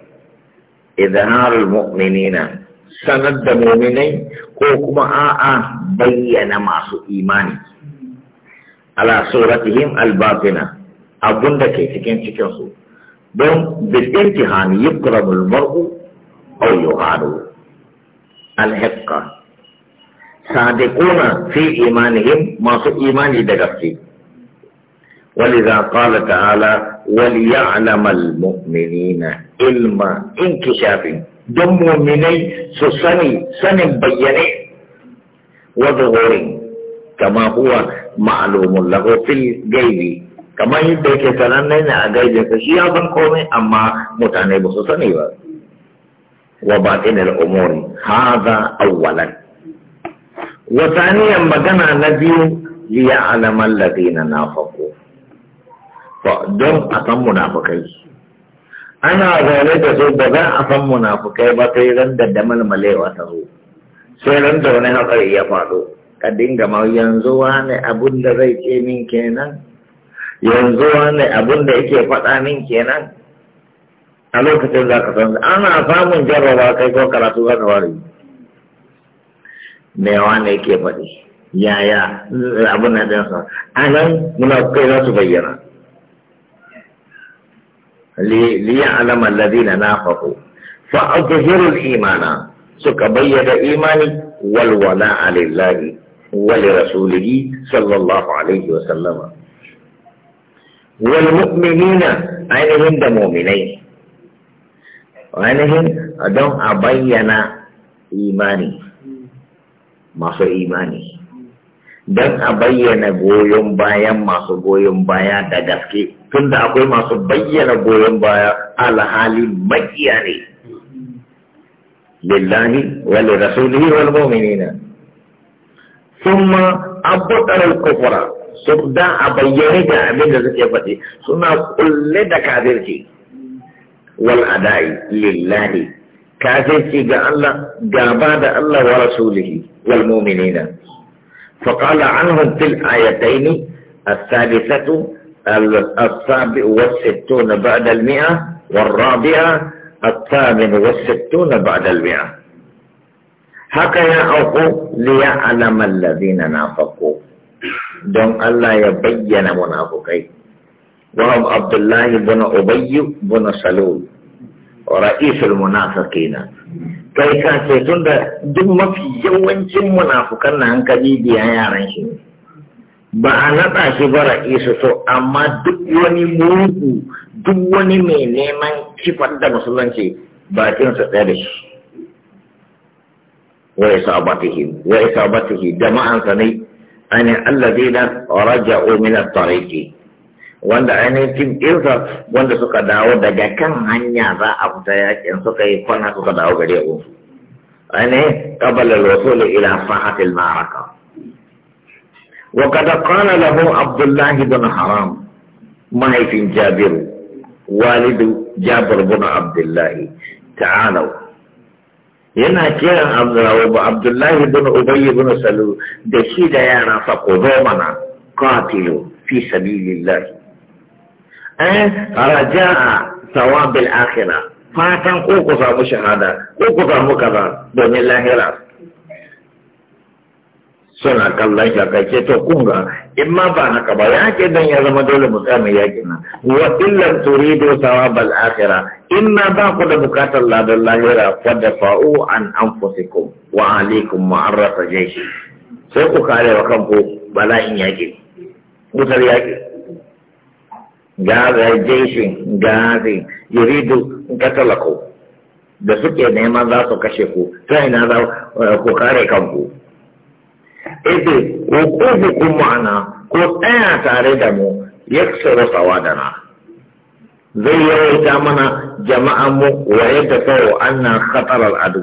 izharul mu'minina sanar da mu'minai ko kuma a'a bayyana masu imani ala suratihim al-batina abun da ke cikin cikin su don bil imtihan yukramu al-mar'u aw yuhadu al-hiqqa sadiquna fi imanihim masu imani da gaske ولذا قال تعالى وليعلم المؤمنين علم انكشاف دم مؤمني سسني سن بيني وظهور كما هو معلوم له في الغيب كما يبقى سنن غيب في أظن قومي أما متعني بسسني وباطن الأمور هذا أولا وثانيا مدنا نبي ليعلم الذين نافقوا don a san munafukai ana zaune da su ba za a san munafukai ba sai ran da damalmalewa ta zo sai ran da wani hatsari ya faɗo ka dinga ma yanzu wani abun da zai ce min kenan yanzu wani abun da yake faɗa min kenan a lokacin za ka san ana samun jarraba kai ko karatu za ka ware me wani yake faɗi yaya abun na ɗinsa a nan muna kai za su bayyana liya'lama na nafaqu fa ajhiru al-imana suka bayyana imani walwala wala'a wali wa rasulihi sallallahu alaihi wa sallama wal mu'minina ainihin da mu'minai ainihin don a bayyana imani masu imani don a bayyana goyon bayan masu goyon baya da gaske tunda akwai masu bayyana goyon baya alhali makiya ne lillahi wa li rasulihi wal mu'minina thumma abdar al kufra subda a da abin da suke faɗi suna kulle da kafirci wal adai lillahi kafirci ga Allah gaba da Allah wa rasulihi wal mu'minina فقال عنهم في الآيتين الثالثة السابع والستون بعد المئة والرابعة الثامن والستون بعد المئة هكذا أخو ليعلم الذين نافقوا دون الله يبين منافقين وهم عبد الله بن أبي بن سلول رئيس المنافقين كيف كان سيتون دون ما في يوم منافقنا أنك دي دي عيارين ba a naɗa shi ba ra'isu to amma duk wani mugu duk wani mai neman kifar da musulunci bakinsa tsaye da shi wa isabatihi wa isabatihi jama'ansa ne ainihin alladina raja'u min at-tariqi wanda ainihin ɗinsa wanda suka dawo daga kan hanya za a fita yakin suka yi kwana suka dawo gare ku ainihin qabala al-wusul ila sahatil ma'araka وقد قال له عبد الله بن حرام ما هي في جابر والد جابر بن عبد الله yana kiran abdullahi bin ubayy bin salu da shi da yara fa kudo mana qatilu fi sabilillah eh a thawab al akhira fatan ko ku samu shahada ko ku samu kaza domin lahira suna kallon shakace to kunga in ma ba na kaba ya ke dan ya zama dole mu tsaya mai yakin nan wa illan turidu bal akhira in ma ba ku da bukatar ladan lahira fa fa'u an anfusikum wa alaikum ma'arrata jaishi sai ku kare wa kanku bala'in yaki wutar yaki gaza jeshi, gazi yuridu katalako da suke neman za su kashe ku ta ina za ku kare kanku ko wuqufukum ma'ana ko tsaya tare da mu ya da na. zai yawaita mana jama'a mu wa wa an na khatar al'adu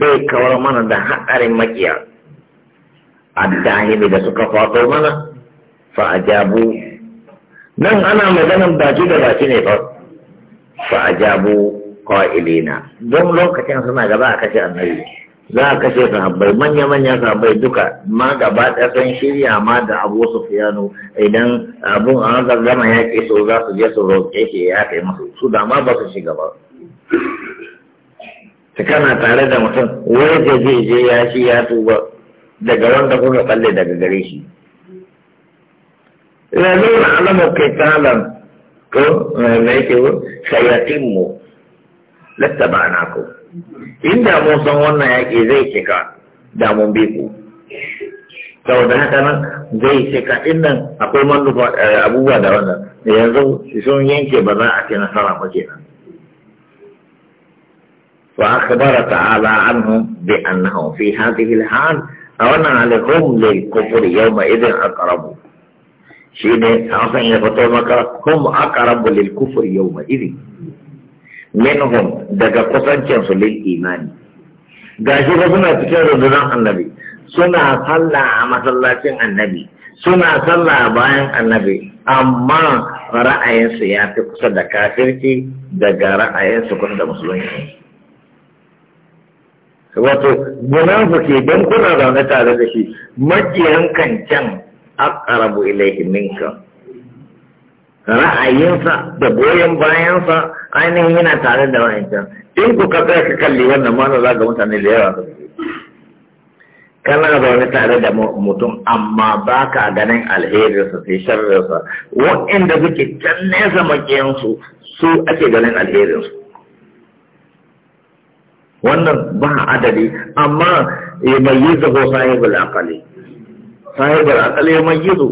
zai kawar mana da haɗarin makiya addahimi da suka fato mana fa jabu nan ana maganan baki da baki ne fa jabu ko ilina don lokacin suna gaba a kashe annabi za a kashe sahabbai manya manya sahabbai duka ma gaba ɗaya sun shirya ma da abu su fiyano idan abun an gama ke so za su je su roƙe shi ya kai masu su da ma ba su shiga ba ta kana tare da mutum wai da zai je ya shi ya tuba daga wanda kuka tsalle daga gare shi yanzu na alamu kai talan ko eh, mai na ko. in da mun san wannan yaƙi zai cika da mun bi ku sau da haka nan zai cika inda akwai mandufa eh, abubuwa da wannan da yanzu sun yanke ba za a ce nasara ba ke nan wa akbara ta'ala anhu bi annahu fi hadhihi al-hal a wannan alikum lil kufr yawma idin aqrab shi ne a san ya fito maka kum aqrab lil kufuri yawma idin minhum daga kusancin su lil imani gashi ba suna cikin rundunar annabi suna sallah a masallacin annabi suna sallah bayan annabi amma ra'ayinsu ya fi kusa da kafirci daga ra'ayinsu kusa da musulunci wato ke don kuna zaune tare da shi majiyan kancan aqrabu ilayhi minka ra'ayinsa da goyon bayansa ainihin yana tare da can in ku ka ka kalli wannan mana za ga mutane da yawa kana wani tare da mutum amma ba ka ganin alherinsa sai sharrinsa wa'inda suke can nesa makiyansu su ake ganin alherinsu wannan ba adadi amma mai yi ko sahibul akali sahibul mai ya mayyizu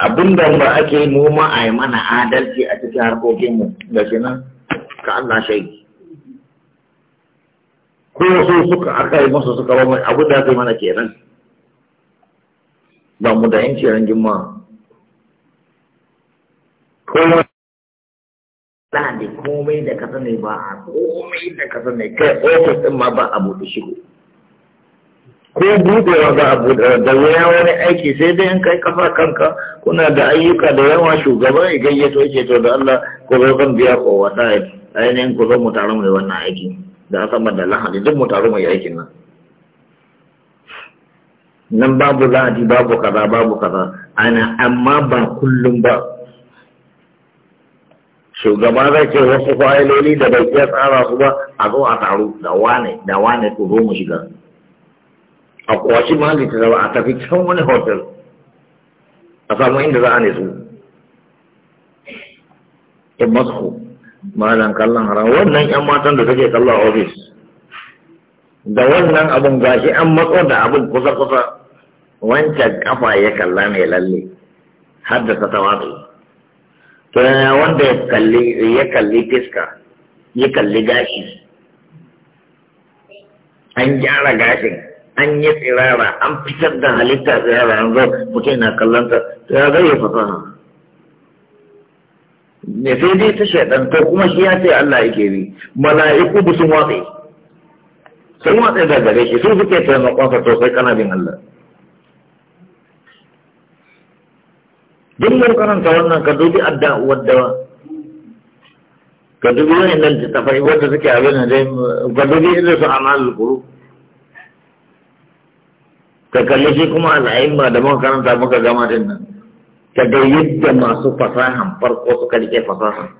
abin da ba ake noma a yi mana adalci a cikin harkokinmu da shi nan ka Allah shai ko su suka aka yi musu suka ba mai abu da aka yi mana kenan ba mu da yanci ran juma'a komai komai da ka sani ba a komai da ka sani kai ofis din ma ba a buɗe shigo ko ba a buɗe da wuya wani aiki sai dai in kai kafa kanka kuna da ayyuka da yawa shugaban ya gayyato yake to da Allah ko zo kan biya ko wata ainihin ku zo mu taru mai wannan aiki da asabar da lahadi duk mu taru mai aikin nan nan babu ladi babu kaza babu kaza ana amma ba kullum ba shugaba zai ce wasu fa'iloli da bai iya tsara su ba a zo a taru da wane da wane ku zo mu shiga a kwashi ta littattafa a tafi can wani hotel a samu inda za a ne su in masu malam kallon haram wannan yan matan da suke kallon ofis da wannan abun gashi an matso da abun kusa-kusa wancan kafa ya kalla mai lalle har da tawatu to wanda ya kalli ya kalli fiska ya kalli gashi an gyara gashin an yi tsirara an fitar da halitta tsirara zo mutum na kallonta to ya zai fasaha ne sai dai ta shaidan to kuma shi ya ce Allah yake bi mala'iku bisu sun sun watsa da gare shi sun suke taimakon sa to sai kana bin Allah duk mun karanta wannan ka dubi adda wadda ka dubi wannan ta tafai wanda suke abin da dai ka dubi irin su amal qulub ka kalli shi kuma al'aimma da muka karanta muka gama din nan ka ga yadda masu fasahan farko suka rike fasahan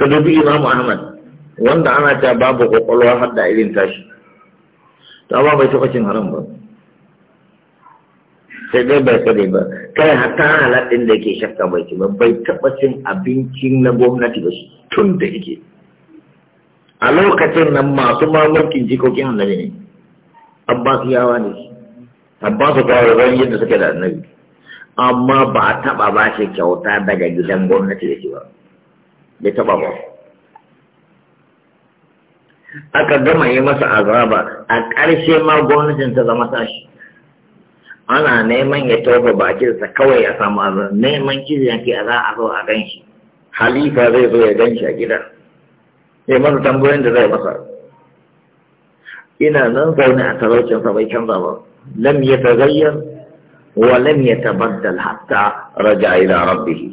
ka dubi imamu ahmad wanda ana ta babu kwakwalwa har da irin tashi ta ba bai taɓa cin haram ba sai dai bai sani ba kai hatta halaɗin da ke shakka bai ci ba bai taɓa cin abinci na gwamnati ba shi tun da yake a lokacin nan masu mamakin jikokin annabi ne yawa ne ta yi ran yadda suke da annabi amma ba a taɓa ba shi kyauta daga gidan gwamnati da shi ba bai taɓa ba aka gama yi masa azaba a ƙarshe ma gwamnatin ta zama tashi ana neman ya tofa bakinsa kawai a samu azaba neman kiziyan yanki a za a zo a gan shi halifa zai zo ya gan shi a gida ya masa tambayoyin da zai masa ina nan zaune a talaucinsa bai canza ba lam ya tagayyar wa lam ya tabaddal hatta raja ila rabbihi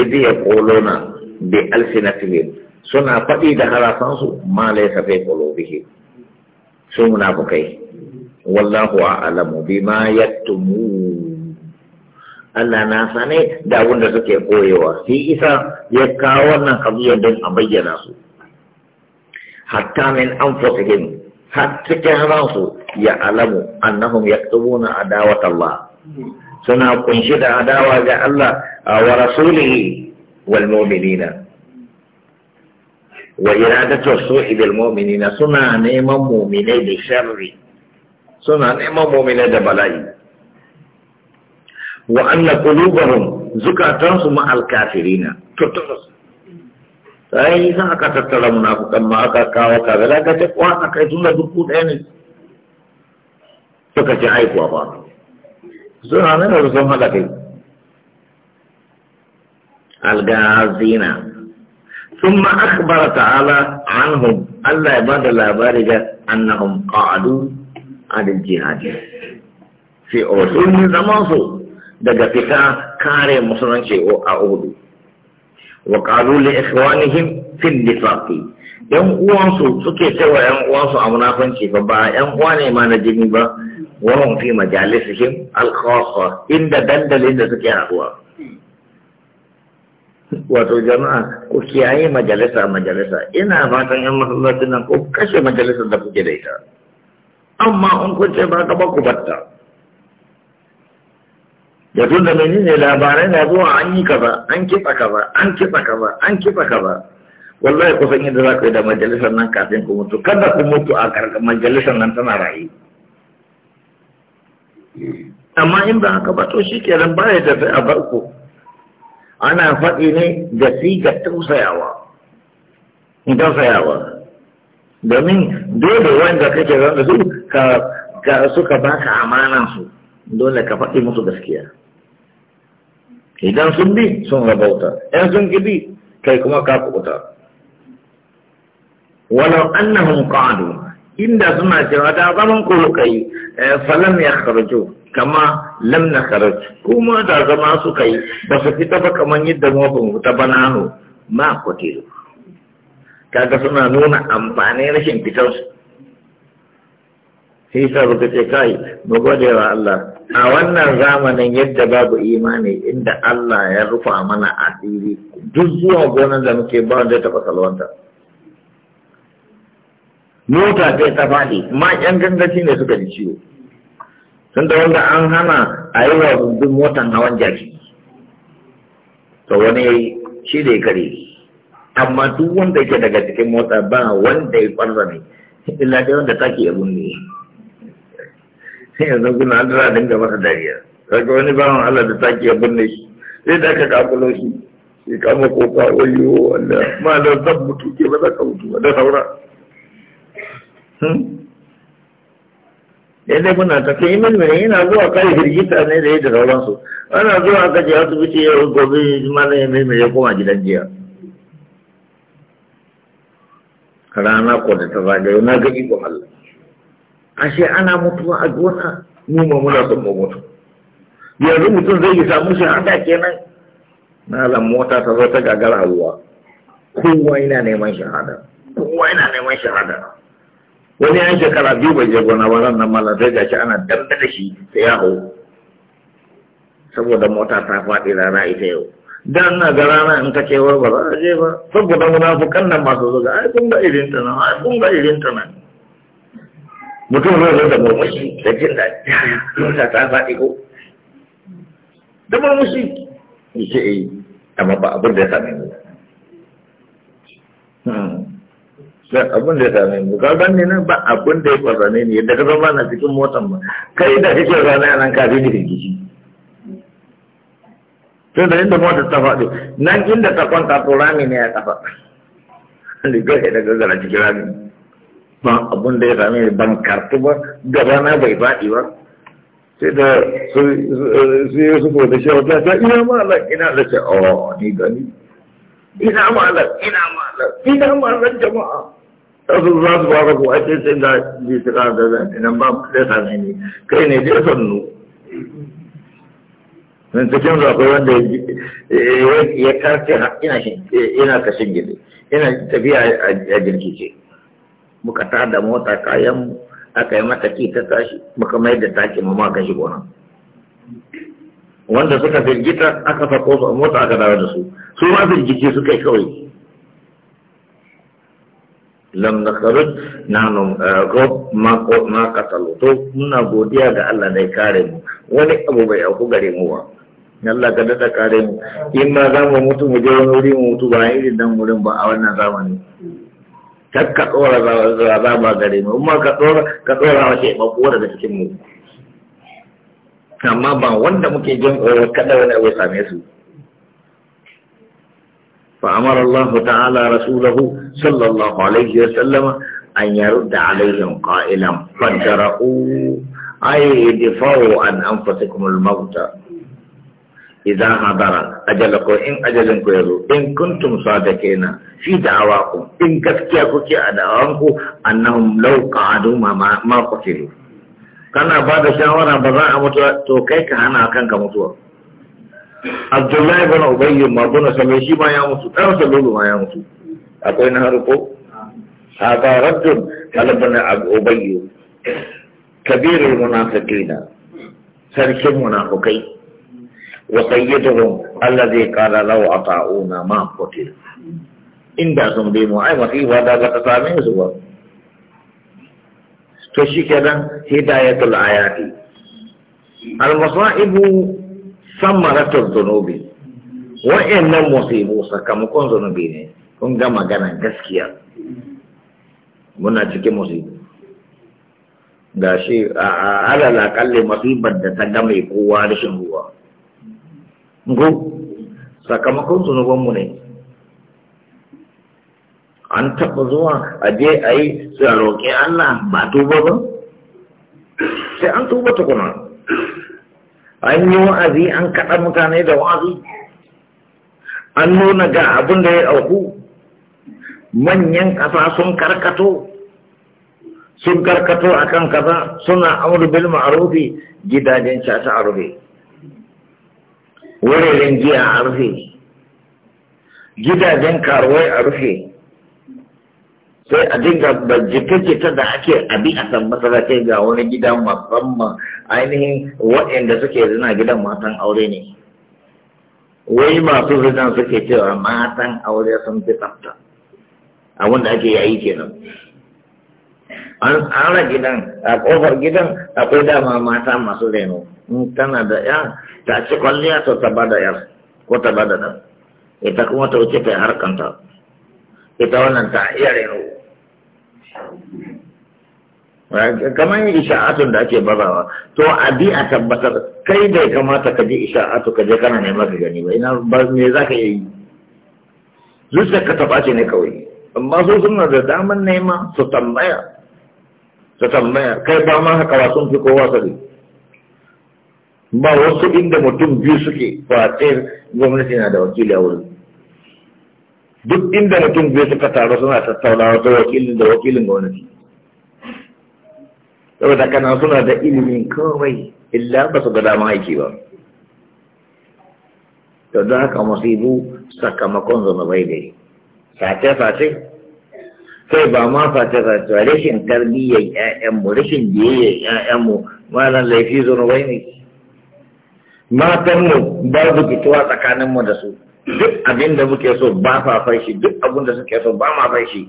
ya yaquluna bi alsinatihim suna faɗi da harafansu ma laysa fi qulubihim su munafukai wallahu a'lamu bima yatumu. Allah na sane da wanda suke koyewa shi isa ya kawo wannan kabiyar don a bayyana su hatta min anfusihim har cikin ransu ya alamu annahum yaktubuna adawata Allah suna kunshi da adawa ga Allah wa rasulihi والمؤمنين وإرادة الصلح بالمؤمنين صنع نعم مؤمنين بشر صنع نعم مؤمنين دبلاي وأن قلوبهم زكاة مع الكافرين تترس أي إذا أكتت المنافق ما أكتت وكذا لا أكتت وأكتت لا تكون أني فكتت عيب وفاق زنا نعم زمان لكي الغازين ثم Allah ya عنهم الله عباد الله بارجة أنهم قعدوا عن الجهاد في أوسول su daga fita kare musulunci a Uhud wa qalu li ikhwanihim fil nifaqi yan uwansu suke cewa yan uwansu a munafanci ba ba yan uwa ne ma na jini ba wa hum fi majalisihim al khassa inda dandalin da suke haɗuwa wato jama'a ku kiyaye majalisa majalisa ina fatan yan masallacin nan ku kashe majalisar da kuke da ita amma in kun ce ba ka ba ku batta da tun da ne labarai na zuwa an yi kaza an kitsa kaza an kitsa kaza an kitsa kaza wallahi ku san yadda za ku yi da majalisar nan kafin ku mutu kada ku mutu a karkar majalisar nan tana rayu amma in ba haka ba to shi kenan ba ya tafi a barku ana faɗi ne ga sigar tausayawa tausayawa domin dole wanda kake zama su ka suka baka amanan su dole ka faɗi musu gaskiya idan sun bi sun rabauta in sun gidi, kai kuma ka kuɓuta walau annahum qadu inda suna cewa ta zaman ku kai yi eh, falon ya kharju kama lam na kuma da zama suka yi ba su fita ba kamar yadda mafin wuta banano ma kotilu kaga suna nuna amfani rashin fitar su sai sa ce kai mu gode Allah a wannan zamanin yadda babu imani inda Allah ya rufa mana asiri duk zuwa gonar da muke ba wanda ya taɓa salwanta. mota ta ta faɗi ma ƴan gangaci ne suka ji ciwo sun da wanda an hana a yi wa rundun motan hawan jaki to wani shi da ya kare amma duk wanda ke daga cikin mota ba wanda ya farza ne illa dai wanda ke ya ne sai yanzu kuna an dara dinga masa dariya daga wani wani Allah da ke ya bunne shi sai da aka kakulo shi sai kama kofa wayo Allah ma da zan mutu ke ba za ka mutu da saura yadda kuna tafiya imin na yana zuwa kare firgita ne da yadda sauransu ana zuwa aka ce asibiti ya gobe mana ya ya koma gidan jiya rana ko ta zagayo na ga ikon Allah ashe ana mutuwa a gona mu ma muna son mu mutu mutum zai yi samu shahada kenan na lan mota ta wani yan shekara biyu bai je gona ba ran nan mala sai gashi ana dambe da shi sai ya hau saboda mota ta faɗi rana ita yau da na ga rana in ka kewar ba za a je ba saboda munafukan nan masu zuga ai kun ga irin ta nan ai kun ga irin ta nan mutum zai zo da murmushi da jin da mota ta faɗi ko da murmushi yake ce eh amma ba abin da ya same ni sai abin da ya same mu ka ban ne nan ba abin da ya faru ne ne daga zama na cikin motan ba kai da kake rana a nan kafin da kake sai da inda motar ta faɗo nan inda ta kwanta to rami ne ya kafa da gaje da gagara cikin rami ba abin da ya same ni ban kartu ba gaba na bai faɗi ba sai da su yi su da shi wata ta ina malar ina da ce oh ni gani ina malar ina malar ina malar jama'a Rasul za su ba ku ake sai su jisira da zan idan ba mu da same ne kai ne zai sannu. Nan cikin su akwai wanda ya eh, karfe ina eh, ina kashin gidi ina tafiya a jirgi ce. Muka ta da mota kayan aka yi mata ki ta tashi muka mai da taki mu ka shi gona. Wanda suka firgita aka fako su a mota aka dawo da su. Su ma firgice suka yi kawai lam nakhruj na eh, rob ma ko ma katalu to muna godiya ga Allah da ya kare mu wani abu bai auku gare mu ba Allah ka dada kare mu in ma za mu mutu mu je wani wuri mu mutu ba irin nan wurin ba a wannan zamani kar ka dora za ba gare mu amma ka dora ka dora wace ba ko daga cikin mu amma ba wanda muke jin oh, kada wani abu same su فأمر الله تعالى رسوله صلى الله عليه وسلم أن يرد عليهم قائلا فادرؤوا أي دفعوا عن أنفسكم الموت إذا حضر أجلكم إن أجلكم يزو إن كنتم صادقين في دعواكم إن كفكيكم كي أدعوانكم أنهم لو قعدوا ما, ما قتلوا كان بعد شاورا بضاء متوى تو كيك هنا كان كمتوى abdullahi bin ubayy mabuna same shi ma ya mutu dan lulu ma ya mutu akwai na harko hada rajul abu ubayy kabirul munafiqina sarkin munafikai wa sayyiduhum alladhi qala law ata'una ma qutil inda sun bai mu ai masifa da ba ta same su ba to shi kenan hidayatul ayati al-masa'ibu sammaratar zunubi wa'annan musibu sakamakon zunubi ne kun ga magana gaskiya muna cikin musibu da shi a alala kalle masibar da ta gama kowa da shi ruwa go sakamakon zunubanmu ne an taɓa zuwa a je a yi tsaroƙi Allah ba tuba ba sai an tuba tukunan an yi wa'azi an kaɗa mutane da wa'azi an nuna ga abin da ya auku manyan ƙasa sun karkato sun karkato a kan ƙasa, suna bilma a ma'arufi gidajen caca a rufe wuraren giya a rufe gidajen karuwai a rufe sai a dinga jita-jita da ake abi a san masalace ga wani gidan musamman ainihin waɗanda suke zina gidan matan aure ne wai masu zina suke cewa matan aure sun fi tsafta abin da ake yayi kenan an tsara gidan a kofar gidan akwai dama mata masu reno in tana da ya ta ci kwalliya ta ta da yar ko ta da nan ita kuma ta wuce ta harkanta ita wannan ta iya reno kamar isha'atun da ake bazawa to a bi a tabbatar kai bai kamata ka ji isha'atu ka je kana neman ka gani ba ina ba me za ka yi zuciya ka taba ce ne kawai amma su suna da daman nema su tambaya su tambaya kai ba ma haka ba sun fi kowa sani ba wasu inda mutum biyu suke kwatsayar gwamnati na da wakili a wurin duk inda mutum zai suka taru suna tattaunawa ta wakilin da wakilin ga wani saboda kana suna da ilimin kawai illa ba su ga dama aiki ba za don haka musibu sakamakon bai dai sace-sace sai ba ma sace-sace rashin tarbiyyar 'ya'yanmu rashin biyayyar 'ya'yanmu malan laifi bai ne matanmu su fitowa tsakaninmu da su duk abin da muke so ba fa fashi duk abin da suke so ba ma fashi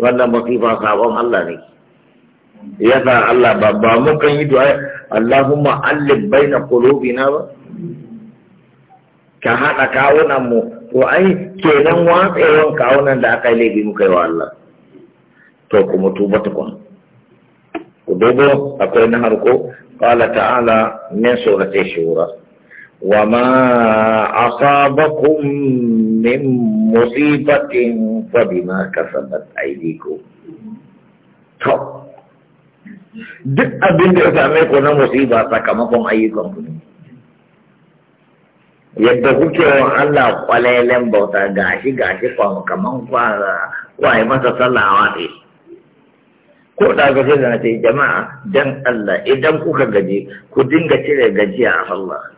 wannan masifa sabon Allah ne yasa Allah ba ba mu kan yi du'a Allahumma allif baina qulubina ba ka hada kawunan mu to ai kenan watsewan kawunan da aka yi laifi muka yi wa Allah to kuma tuba Ko ku dogo akwai na harko qala ta'ala min surati shura وما أصابكم من مصيبة فبما كسبت أيديكم طب duk abin da ya same ku na musiba sakamakon ayyukan ku ne yadda kuke wa Allah kwalelen bauta gashi gashi kwan kaman kwara kwaye masa sallawa ne ko da ga sai na ce jama'a dan Allah idan kuka gaji ku dinga cire gajiya a Allah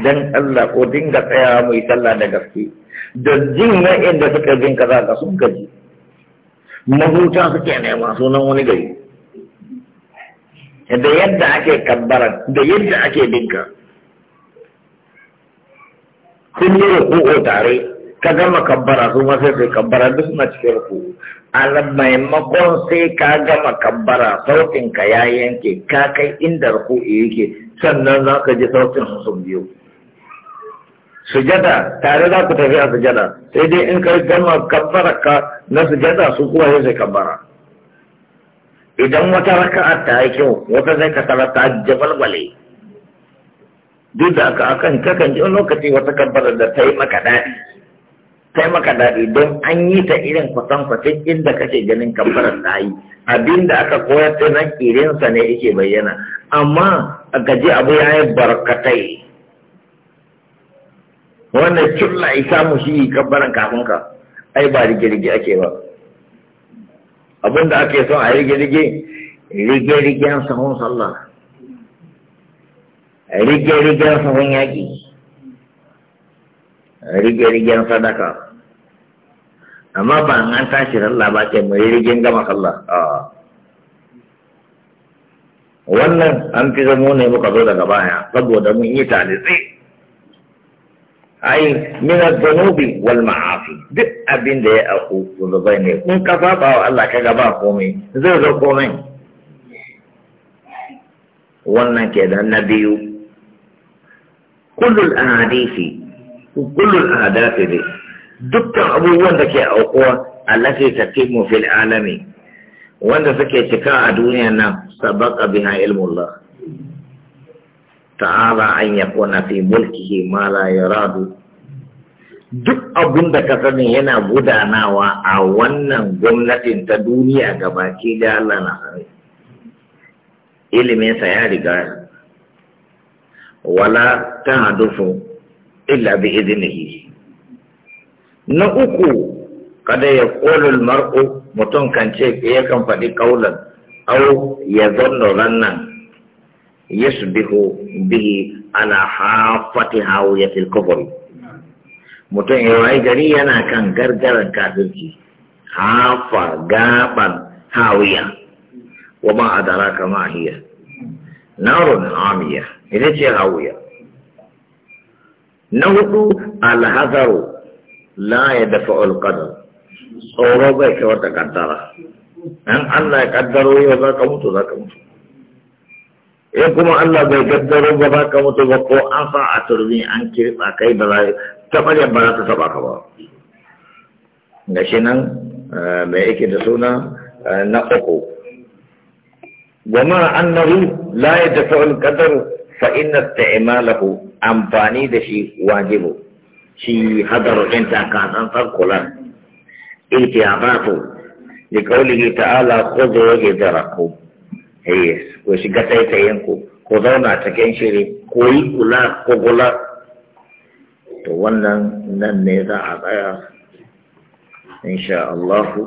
dan Allah ko dinga tsaya mai sallah da gaske da jin inda suka jin kaza ka sun gaji mahuta suke nema sunan wani gari da yadda ake kabbara da yadda ake dinka kun yi ruku'u tare ka gama kabbara su ma sai sai kabbara duk suna cikin ku. a maimakon sai ka gama kabbara sautin ka ya yanke ka kai inda ruku'u yake sannan za ka ji sautin su sun biyu sujada tare za ku tafi a sujada sai dai in kai gama kabbara ka na sujada su kuwa sai sai kabbara idan wata raka'a ta yi kyau wata sai ka tarar ta jabalbale duk da aka akan kakan ji lokaci wata kabbara da ta yi maka daɗi ta yi maka daɗi don an yi ta irin kwatankwacin inda kake ganin kabbarar ta yi abinda aka koyar ta na kirinsa ne yake bayyana amma a gaji abu ya yi barkatai wannan a ya samu shi kabbaran kafin ka ai ba rige-rige ake ba abinda ake son a rige-rige rige-rigen sahun sallah rige-rigen sahun yaƙi rige-rigen sadaka amma ba an tashi sallah ba ke mai rigen gama sallah wannan an fi zama ne muka zo daga baya saboda mun yi talitsi ai min adh-dhunubi wal ma'afi duk abin da ya aku zubai ne kun ka saba wa Allah ka gaba komai zai zo komai wannan ke da na biyu kullul ahadisi kullul ahadasi dukkan abubuwan da ke aukuwa allati tatimu fil alami wanda suke cika a duniya nan sabaka biha ilmullah ta'ala an yakuna fi mulkihi ma la radu. duk abin da ka sani yana gudanawa a wannan gwamnatin ta duniya ga baki da Allah na sani iliminsa ya riga wala ta hadufu illa bi izinihi na uku kada ya kolul mar'u mutum kan ce ya kan faɗi kaulan au ya zanno rannan يسبح به على حافة هاوية الكفر رأي جريانا كان قرقر كافر حافة قابا هاوية وما أدراك ما هي نار عامية إذا شيء هاوية نهدو الهذر لا يدفع القدر أو ربك وتقدره أن الله يقدره يوزاك موت وزاك موت eh kuma Allah bai gaddaro ba za ka mutu ba ko an fa a turbi an kirɓa kai ba za taɓarya ba za ta taɓa ka ba ga shi nan mai yake da suna na uku وما أنه لا يدفع القدر فإن استعماله أمباني دشي واجب شي هدر انت كان فقلا اتعباته لقوله تعالى خذ وجدركم yes eh, ko shiga taitayen ku ko zauna cikin shiri ko yi kula ko kula to wannan nan ne za a tsaya insha allahu.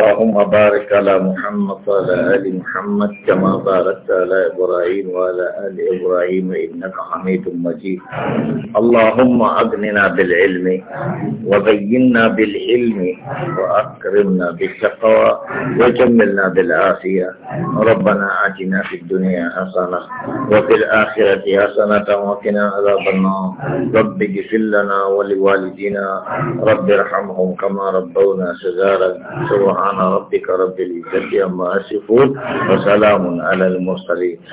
اللهم بارك على محمد وعلى آل محمد كما باركت على إبراهيم وعلى آل إبراهيم إنك حميد مجيد اللهم أغننا بالعلم وبينا بالعلم وأكرمنا بالتقوى وجملنا بالعافية ربنا آتنا في الدنيا حسنة وفي الآخرة حسنة وقنا عذاب النار رب اغفر لنا ولوالدينا رب ارحمهم كما ربونا صغارا سبحان سبحان ربك رب العزة عما يصفون وسلام على المرسلين